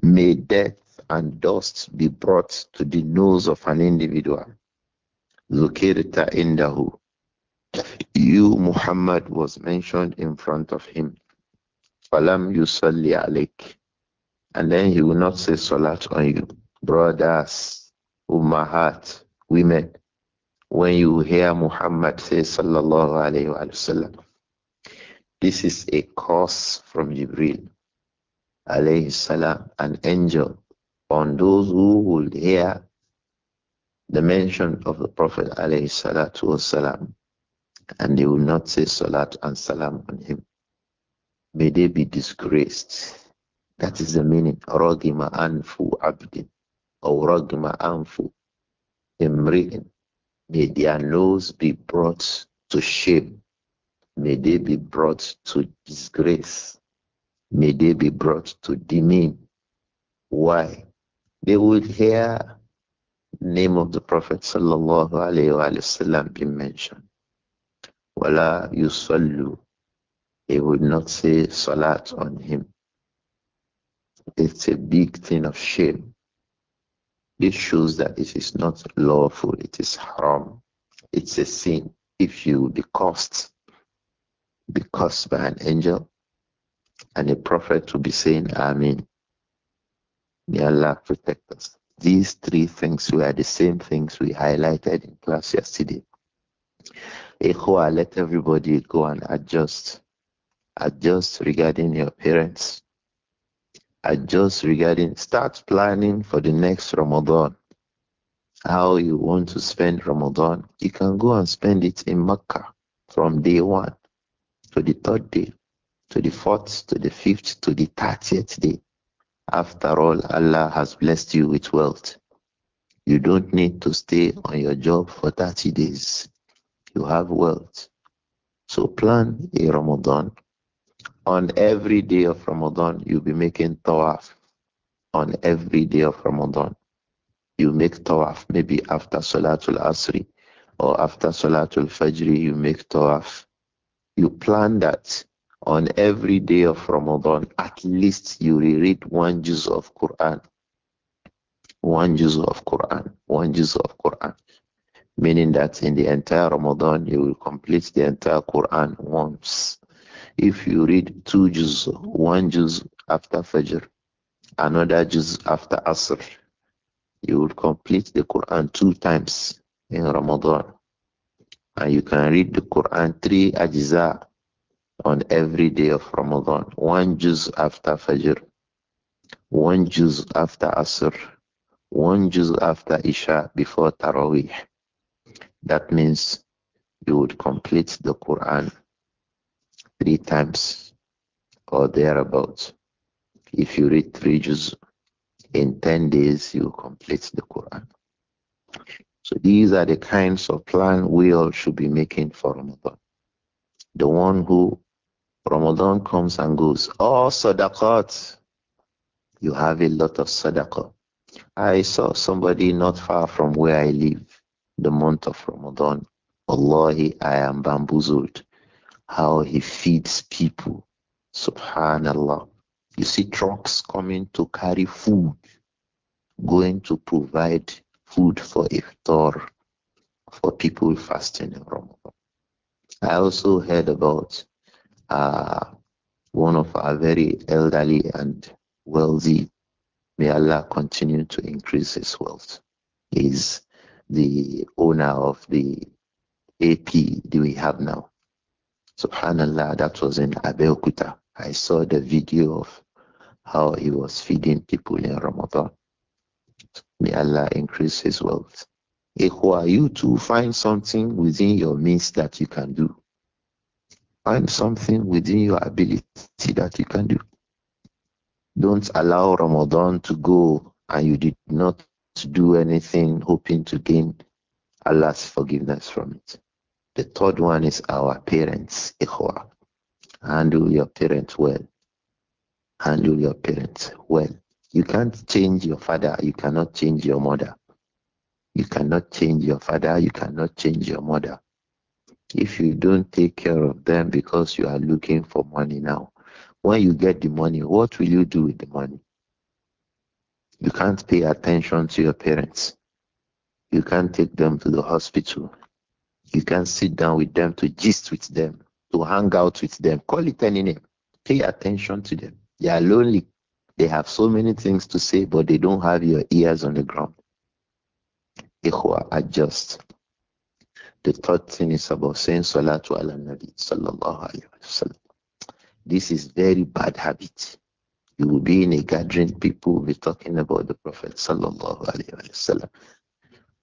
May death and dust be brought to the nose of an individual. Zukirta indahu you Muhammad was mentioned in front of him. Falam yusalli And then he will not say salat on you. Brothers, ummahat, women, when you hear Muhammad say sallallahu alayhi wa sallam, this is a curse from Jibril alayhi salam, an angel on those who would hear the mention of the Prophet alayhi salatu wasalam and they will not say salat and salam on him. May they be disgraced. That is the meaning. Ragima anfu abdin or anfu imri'in. May their nose be brought to shame. May they be brought to disgrace. May they be brought to demean. Why? They would hear name of the Prophet sallallahu alaihi wasallam be mentioned Wala yusallu. He would not say salat on him. It's a big thing of shame. This shows that it is not lawful, it is haram. It's a sin. If you be cursed, be cursed by an angel and a prophet will be saying Amen. May Allah protect us. These three things were the same things we highlighted in class yesterday. I let everybody go and adjust. Adjust regarding your parents. Adjust regarding, start planning for the next Ramadan. How you want to spend Ramadan. You can go and spend it in Mecca from day one to the third day, to the fourth, to the fifth, to the thirtieth day. After all, Allah has blessed you with wealth. You don't need to stay on your job for 30 days you have wealth. So plan a Ramadan. On every day of Ramadan, you'll be making tawaf. On every day of Ramadan, you make tawaf. Maybe after Salatul Asri or after Salatul Fajr, you make tawaf. You plan that on every day of Ramadan, at least you reread one juz of Quran. One juz of Quran. One juz of Quran meaning that in the entire Ramadan you will complete the entire Quran once. If you read two juz, one juz after Fajr, another juz after Asr, you will complete the Quran two times in Ramadan. And you can read the Quran three ajza on every day of Ramadan. One juz after Fajr, one juz after Asr, one juz after Isha before Taraweeh that means you would complete the Quran three times or thereabouts. If you read three juz in 10 days, you complete the Quran. So these are the kinds of plan we all should be making for Ramadan. The one who Ramadan comes and goes, oh sadaqat, you have a lot of sadaqah. I saw somebody not far from where I live the month of Ramadan. Allah I am bamboozled. How he feeds people. Subhanallah. You see trucks coming to carry food, going to provide food for iftar for people fasting in Ramadan. I also heard about uh, one of our very elderly and wealthy. May Allah continue to increase his wealth. Is the owner of the AP that we have now. Subhanallah, that was in Abeokuta. I saw the video of how he was feeding people in Ramadan. May Allah increase his wealth. are you to find something within your means that you can do. Find something within your ability that you can do. Don't allow Ramadan to go and you did not to do anything hoping to gain Allah's forgiveness from it. The third one is our parents, Ikhwa. Handle your parents well. Handle your parents well. You can't change your father. You cannot change your mother. You cannot change your father. You cannot change your mother. If you don't take care of them because you are looking for money now, when you get the money, what will you do with the money? You can't pay attention to your parents. You can't take them to the hospital. You can't sit down with them to gist with them, to hang out with them. Call it any name. Pay attention to them. They are lonely. They have so many things to say, but they don't have your ears on the ground. Ikhwa, adjust. The third thing is about saying salatu ala nabi sallallahu alayhi wa This is very bad habit. You will be in a gathering, people will be talking about the Prophet sallallahu alaihi wasallam.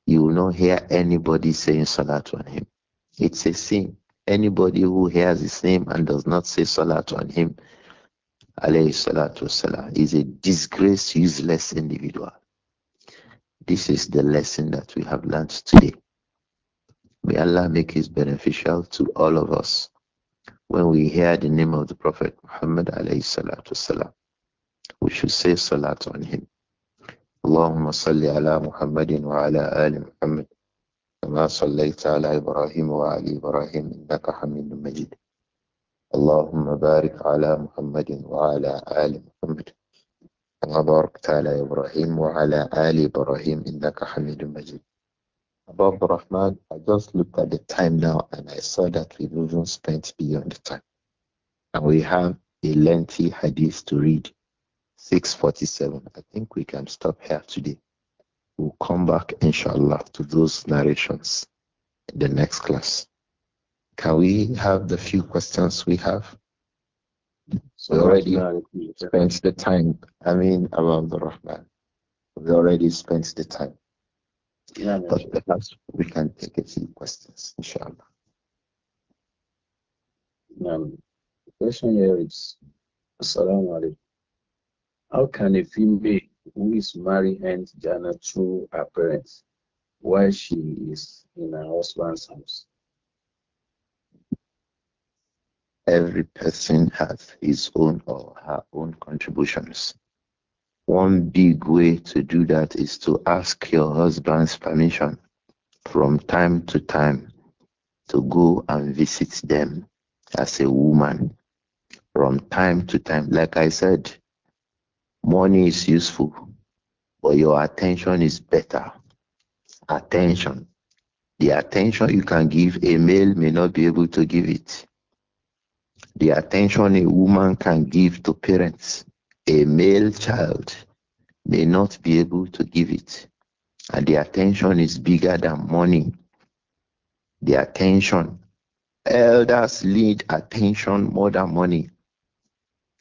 You will not hear anybody saying salat on him. It's a sin. Anybody who hears his name and does not say salat on him, alayhi salatu is a disgraced, useless individual. This is the lesson that we have learned today. May Allah make it beneficial to all of us when we hear the name of the Prophet Muhammad alayhi salatu we should say salat on him. اللهم صل على محمد وعلى آل محمد كما صليت على إبراهيم وعلى إبراهيم إنك حميد مجيد اللهم بارك على محمد وعلى آل محمد كما باركت على إبراهيم وعلى آل إبراهيم إنك حميد مجيد Above Rahman, I just looked at the time now and I saw that we even spent beyond the time. And we have a lengthy hadith to read 647. I think we can stop here today. We'll come back, inshallah, to those narrations in the next class. Can we have the few questions we have? So we already spent the time. I mean, around the Rahman. We already spent the time. Yeah, but perhaps we can take a few questions, inshallah. Um, the question here is Assalamu alaikum. How can a female who is married and Jana through her parents while she is in her husband's house? Every person has his own or her own contributions. One big way to do that is to ask your husband's permission from time to time to go and visit them as a woman from time to time. Like I said, Money is useful, but your attention is better. Attention. The attention you can give a male may not be able to give it. The attention a woman can give to parents, a male child may not be able to give it. And the attention is bigger than money. The attention. Elders need attention more than money.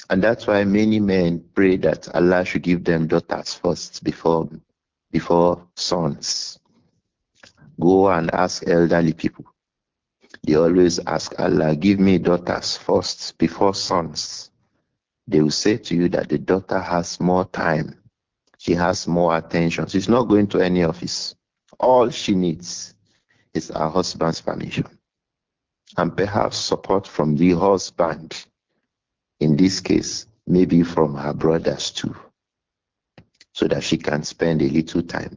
And that's why many men pray that Allah should give them daughters first before before sons. Go and ask elderly people. They always ask Allah, give me daughters first before sons. They will say to you that the daughter has more time. She has more attention. She's not going to any office. All she needs is her husband's permission and perhaps support from the husband in this case, maybe from her brothers too, so that she can spend a little time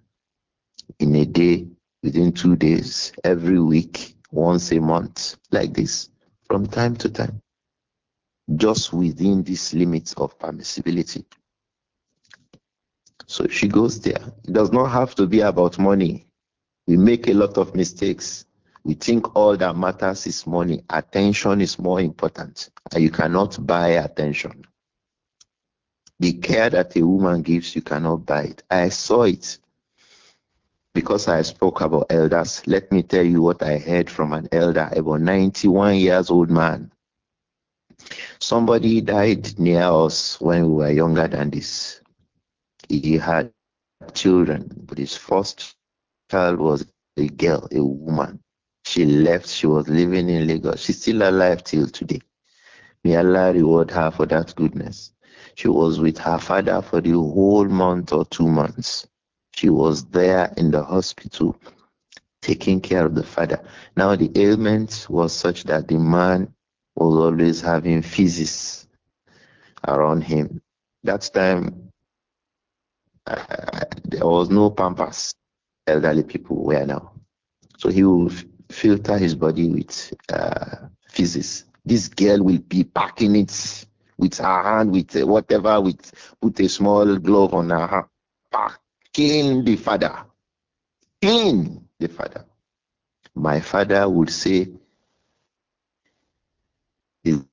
in a day, within two days, every week, once a month, like this, from time to time, just within these limits of permissibility. So she goes there. It does not have to be about money. We make a lot of mistakes. We think all that matters is money. Attention is more important. you cannot buy attention. The care that a woman gives, you cannot buy it. I saw it because I spoke about elders. Let me tell you what I heard from an elder, about 91 years old man. Somebody died near us when we were younger than this. He had children, but his first child was a girl, a woman. She left. She was living in Lagos. She's still alive till today. May Allah reward her for that goodness. She was with her father for the whole month or two months. She was there in the hospital taking care of the father. Now the ailment was such that the man was always having physics around him. That time uh, there was no pampas elderly people were now. So he would filter his body with uh, physics. This girl will be packing it with her hand, with uh, whatever, with put a small glove on her hand, packing the father, in the father. My father would say, "Is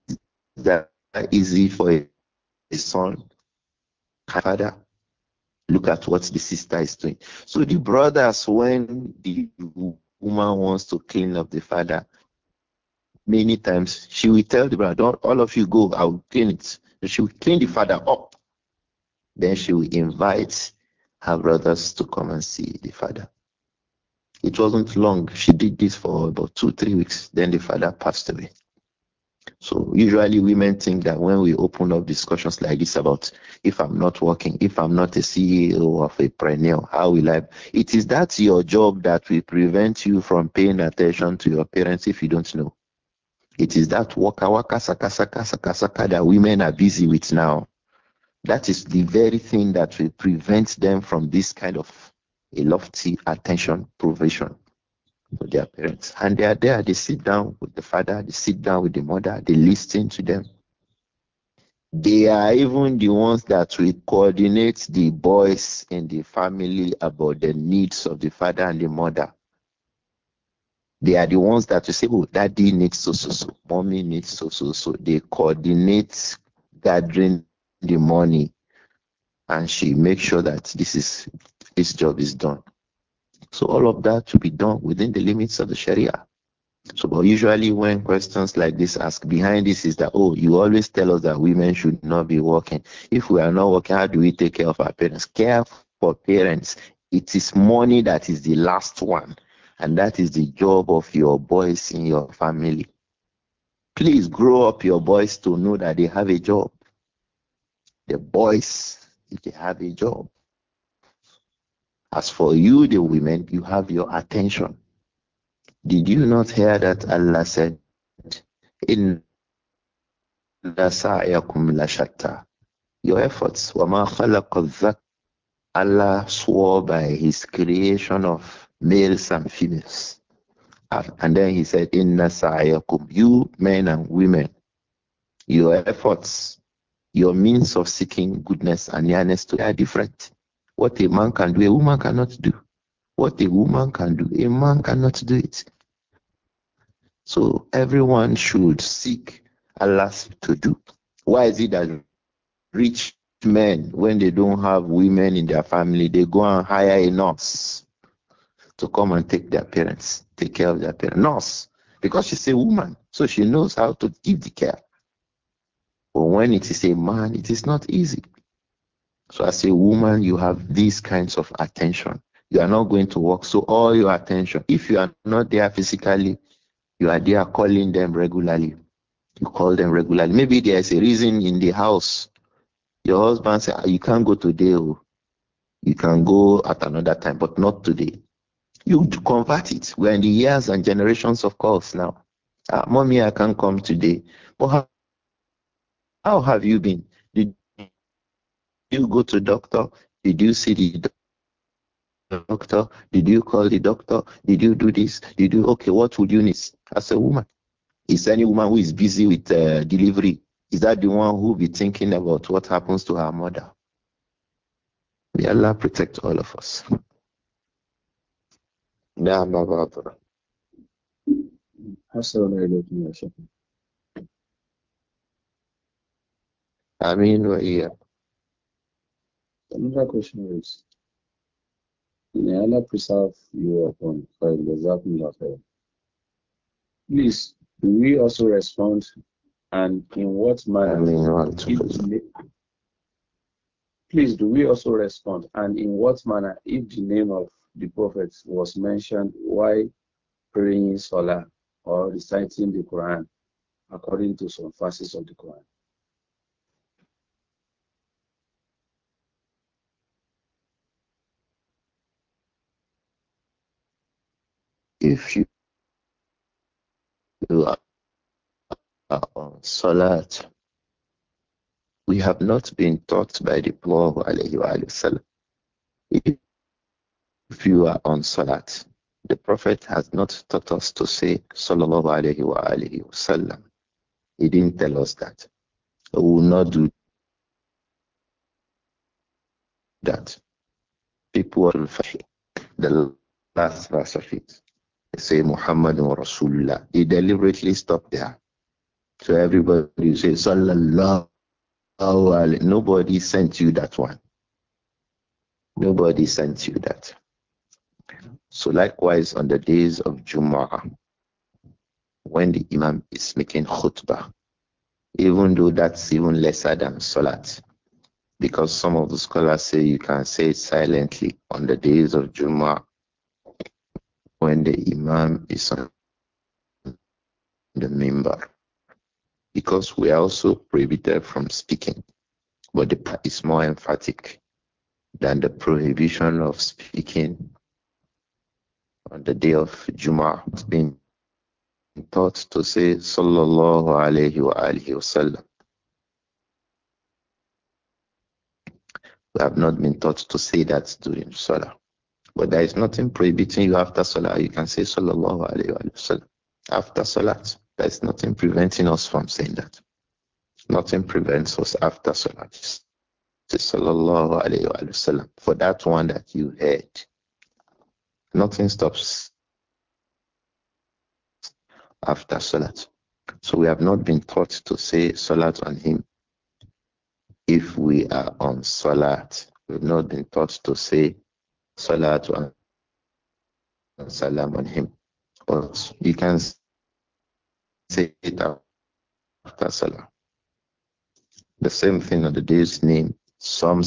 that easy for a son?" Father, look at what the sister is doing. So the brothers, when the woman wants to clean up the father, many times she will tell the brother, Don't all of you go, I'll clean it. And she will clean the father up. Then she will invite her brothers to come and see the father. It wasn't long. She did this for about two, three weeks. Then the father passed away. So usually women think that when we open up discussions like this about if I'm not working, if I'm not a CEO of a preneur, how will I? It is that your job that will prevent you from paying attention to your parents if you don't know. It is that waka waka saka saka saka saka that women are busy with now. That is the very thing that will prevent them from this kind of a lofty attention provision. With their parents. And they are there, they sit down with the father, they sit down with the mother, they listen to them. They are even the ones that will coordinate the boys in the family about the needs of the father and the mother. They are the ones that will say, Oh, daddy needs so so so, mommy needs so so so. They coordinate gathering the money and she makes sure that this is this job is done so all of that should be done within the limits of the Sharia. So, but usually when questions like this ask, behind this is that, oh, you always tell us that women should not be working. If we are not working, how do we take care of our parents? Care for parents. It is money that is the last one, and that is the job of your boys in your family. Please grow up your boys to know that they have a job. The boys, if they have a job, as for you, the women, you have your attention. Did you not hear that Allah said, In your efforts, وَمَا خَلَقَ Allah swore by his creation of males and females. And then he said, Inna sa'ayakum, you men and women, your efforts, your means of seeking goodness and nearness to are different. What a man can do, a woman cannot do. What a woman can do, a man cannot do it. So everyone should seek last to do. Why is it that rich men, when they don't have women in their family, they go and hire a nurse to come and take their parents, take care of their parents? Nurse, because she's a woman, so she knows how to give the care. But when it is a man, it is not easy. So as a woman, you have these kinds of attention. You are not going to work. So all your attention, if you are not there physically, you are there calling them regularly. You call them regularly. Maybe there is a reason in the house. Your husband says, ah, You can't go today. Oh. You can go at another time, but not today. You convert it. We're in the years and generations of course now. Ah, mommy, I can't come today. But how, how have you been? you go to doctor? Did you see the doctor? Did you call the doctor? Did you do this? Did you okay? What would you need as a woman? Is any woman who is busy with uh, delivery is that the one who be thinking about what happens to her mother? May Allah protect all of us. نعم بابا حسنا إليكم يا Another question is, may Allah preserve you upon for the of Please, do we also respond and in what manner? I mean, please, do we also respond and in what manner if the name of the Prophet was mentioned why praying Salah or reciting the Quran according to some verses of the Quran? If you are on Salat, we have not been taught by the Prophet alayhi If you are on Salat, the Prophet has not taught us to say Sallallahu alayhi wa wasallam. He didn't tell us that. We will not do that. People will fahim. The last verse of it say Muhammad Rasulullah. He deliberately stopped there. So everybody say Sallallahu Alaihi Nobody sent you that one. Nobody sent you that. So likewise on the days of Jumu'ah, when the Imam is making khutbah, even though that's even lesser than Salat, because some of the scholars say you can say it silently on the days of Jumu'ah when the imam is on the member. Because we are also prohibited from speaking, but the is more emphatic than the prohibition of speaking on the day of Jum'ah. It's been taught to say Sallallahu alayhi wa alayhi Wasallam. We have not been taught to say that during Salah. But there is nothing prohibiting you after Salah. You can say Sallallahu Alaihi Wasallam. After Salah, there is nothing preventing us from saying that. Nothing prevents us after Salah. Sallallahu Alaihi Wasallam. For that one that you heard, nothing stops after Salat. So we have not been taught to say Salat on him if we are on Salat. We've not been taught to say salatu and salam on him. But you can say it after Salah. The same thing on the day's name. Some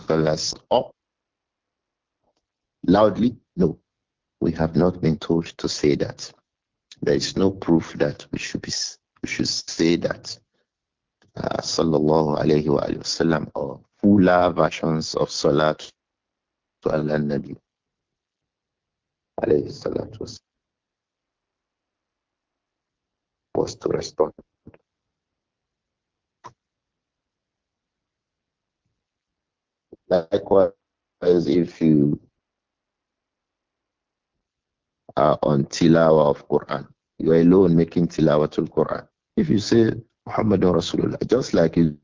scholars up loudly. No, we have not been told to say that. There is no proof that we should be we should say that. Uh, sallallahu alayhi wa, alayhi wa sallam, or fuller versions of Salat to Allah Nabi. Salatu was to respond. Likewise, if you are on tilawa of Quran, you are alone making tilawatul Quran. If you say Muhammadun Rasulullah, just like you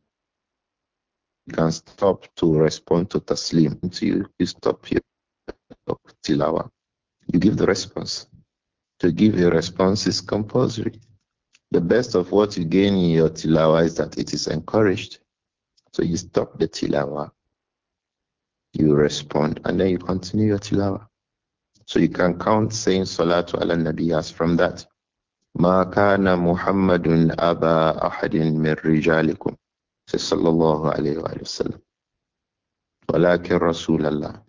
you can stop to respond to taslim until you stop your tilawa. You give the response. To give a response is compulsory. The best of what you gain in your tilawa is that it is encouraged. So you stop the tilawa, you respond, and then you continue your tilawa. So you can count saying salatu ala nabi as from that. Ma kana Muhammadun aba ahadin min rijalikum says alayhi wa sallam rasulallah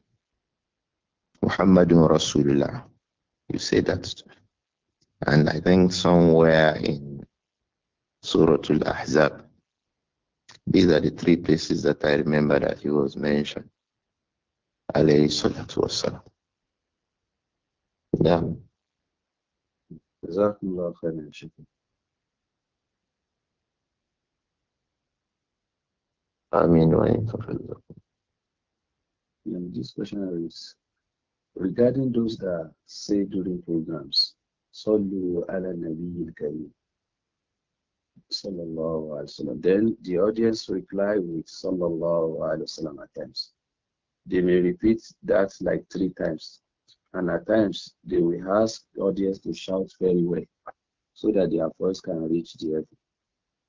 muhammadun rasulullah you say that and i think somewhere in surah al-ahzab these are the three places that i remember that he was mentioned alayhi salatu wasalam Amen. And this question is regarding those that say during programs, Sallu ala Nabi Karim. Sallallahu Alaihi Then the audience reply with Sallallahu Alaihi Wasallam at times. They may repeat that like three times. And at times they will ask the audience to shout very well so that their voice can reach the heaven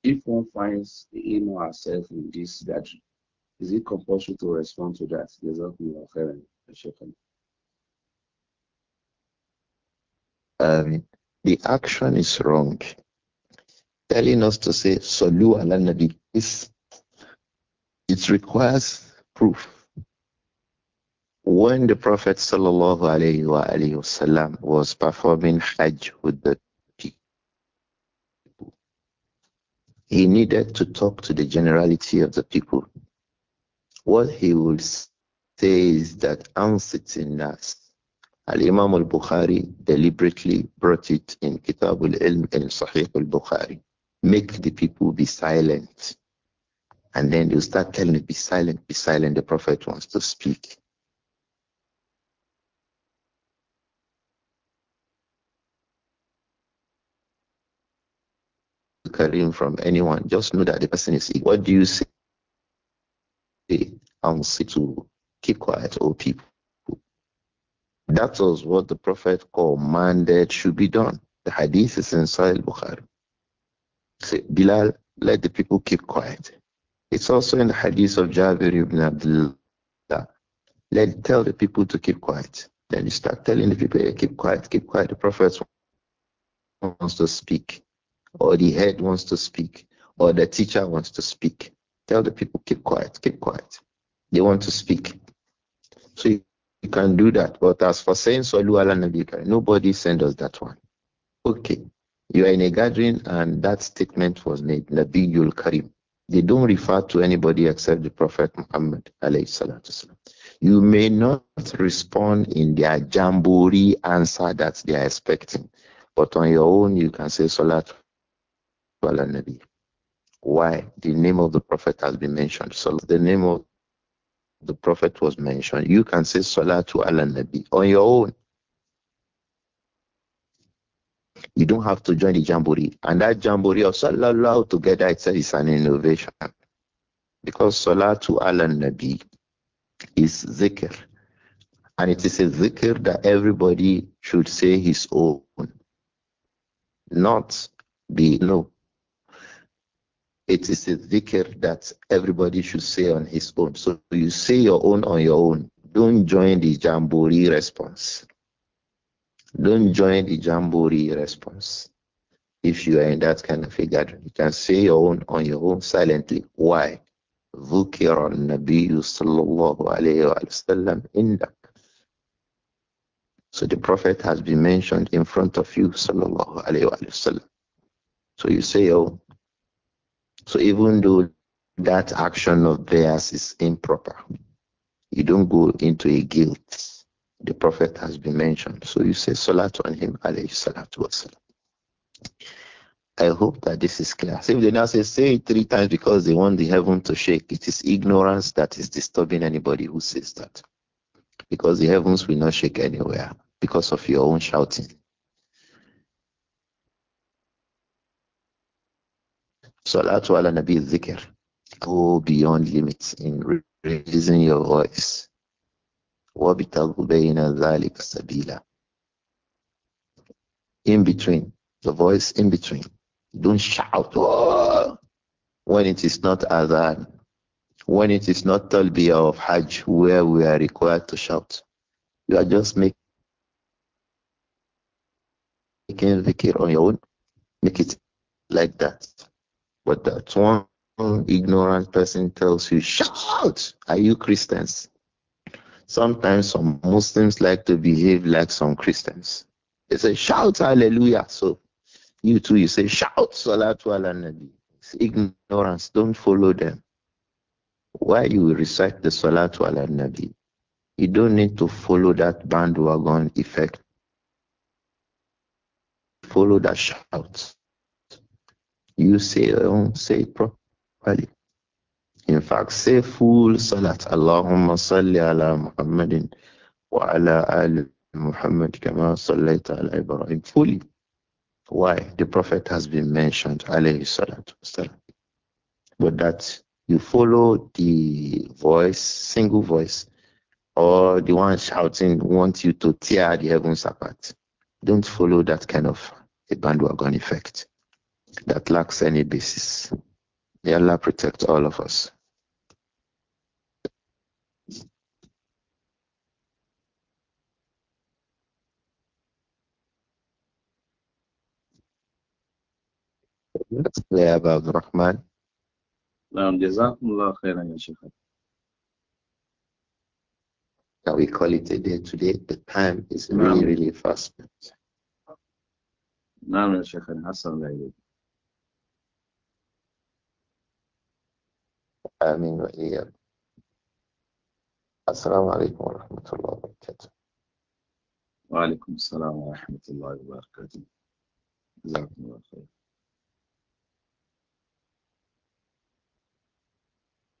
if one finds the or herself in this that is it compulsory to respond to that? There's nothing of heaven. Um, the action is wrong. Telling us to say Salu ala Nabi is it requires proof. When the Prophet sallallahu alaihi wasallam was performing Hajj with the He needed to talk to the generality of the people. What he would say is that Ansit in Nas. Al Imam al Bukhari deliberately brought it in Kitab al Ilm and Sahih al Bukhari. Make the people be silent. And then you start telling them, be silent, be silent. The Prophet wants to speak. from anyone, just know that the person is sick. What do you say? say to keep quiet, all people. That was what the Prophet commanded should be done. The hadith is in Sahih Bukhari. Say, Bilal, let the people keep quiet. It's also in the hadith of Jabir ibn Abdullah. Let tell the people to keep quiet. Then you start telling the people, hey, keep quiet, keep quiet. The Prophet wants to speak or the head wants to speak, or the teacher wants to speak. Tell the people, keep quiet, keep quiet. They want to speak. So you, you can do that. But as for saying Salu ala nobody send us that one. Okay. You are in a gathering and that statement was made, Nabiyul Karim. They don't refer to anybody except the Prophet Muhammad. You may not respond in their jamboree answer that they are expecting, but on your own, you can say Salat why the name of the Prophet has been mentioned. So the name of the Prophet was mentioned. You can say Salatu ala Nabi on your own. You don't have to join the jamboree. And that jamboree of Salallahu together itself is an innovation. Because Salatu ala Nabi is zikr. And it is a zikr that everybody should say his own. Not be, no, it is a dhikr that everybody should say on his own. So you say your own on your own. Don't join the jamboree response. Don't join the jamboree response. If you are in that kind of a gathering, you can say your own on your own silently. Why? ذكر النبي صلى الله عليه وسلم عندك so the Prophet has been mentioned in front of you, sallallahu alayhi wa So you say, oh, so even though that action of theirs is improper, you don't go into a guilt. The Prophet has been mentioned. So you say salat on him, alayhi salatu wasalam. I hope that this is clear. if they now say, say it three times because they want the heaven to shake, it is ignorance that is disturbing anybody who says that. Because the heavens will not shake anywhere because of your own shouting. Salatu على نبي الذكر Go beyond limits in raising your voice. وَبِتَغْ بَيْنَ ذَلِكَ سَبِيلًا In between, the voice in between. Don't shout when it is not adhan, when it is not talbiya of hajj, where we are required to shout. You are just making making dhikr on your own. Make it like that. But that one ignorant person tells you, shout, are you Christians? Sometimes some Muslims like to behave like some Christians. They say, shout hallelujah. So you too, you say, shout salatu ala nabi. It's ignorance. Don't follow them. Why you recite the salatu ala nabi? You don't need to follow that bandwagon effect. Follow that shout you say do um, say properly. In fact, say full salat. Allahumma salli ala Muhammadin wa ala ali Muhammad kama sallaita ala Ibrahim. Fully. Why? The Prophet has been mentioned, alayhi salatu salam. But that you follow the voice, single voice, or the one shouting wants you to tear the heavens apart. Don't follow that kind of a bandwagon effect that lacks any basis. May Allah protect all of us. Rahman. Can we call it a day today? The time is really, really fast. نعم يا شيخ حسن آمين وإياب السلام عليكم ورحمة الله وبركاته وعليكم السلام ورحمة الله وبركاته جزاكم الله خير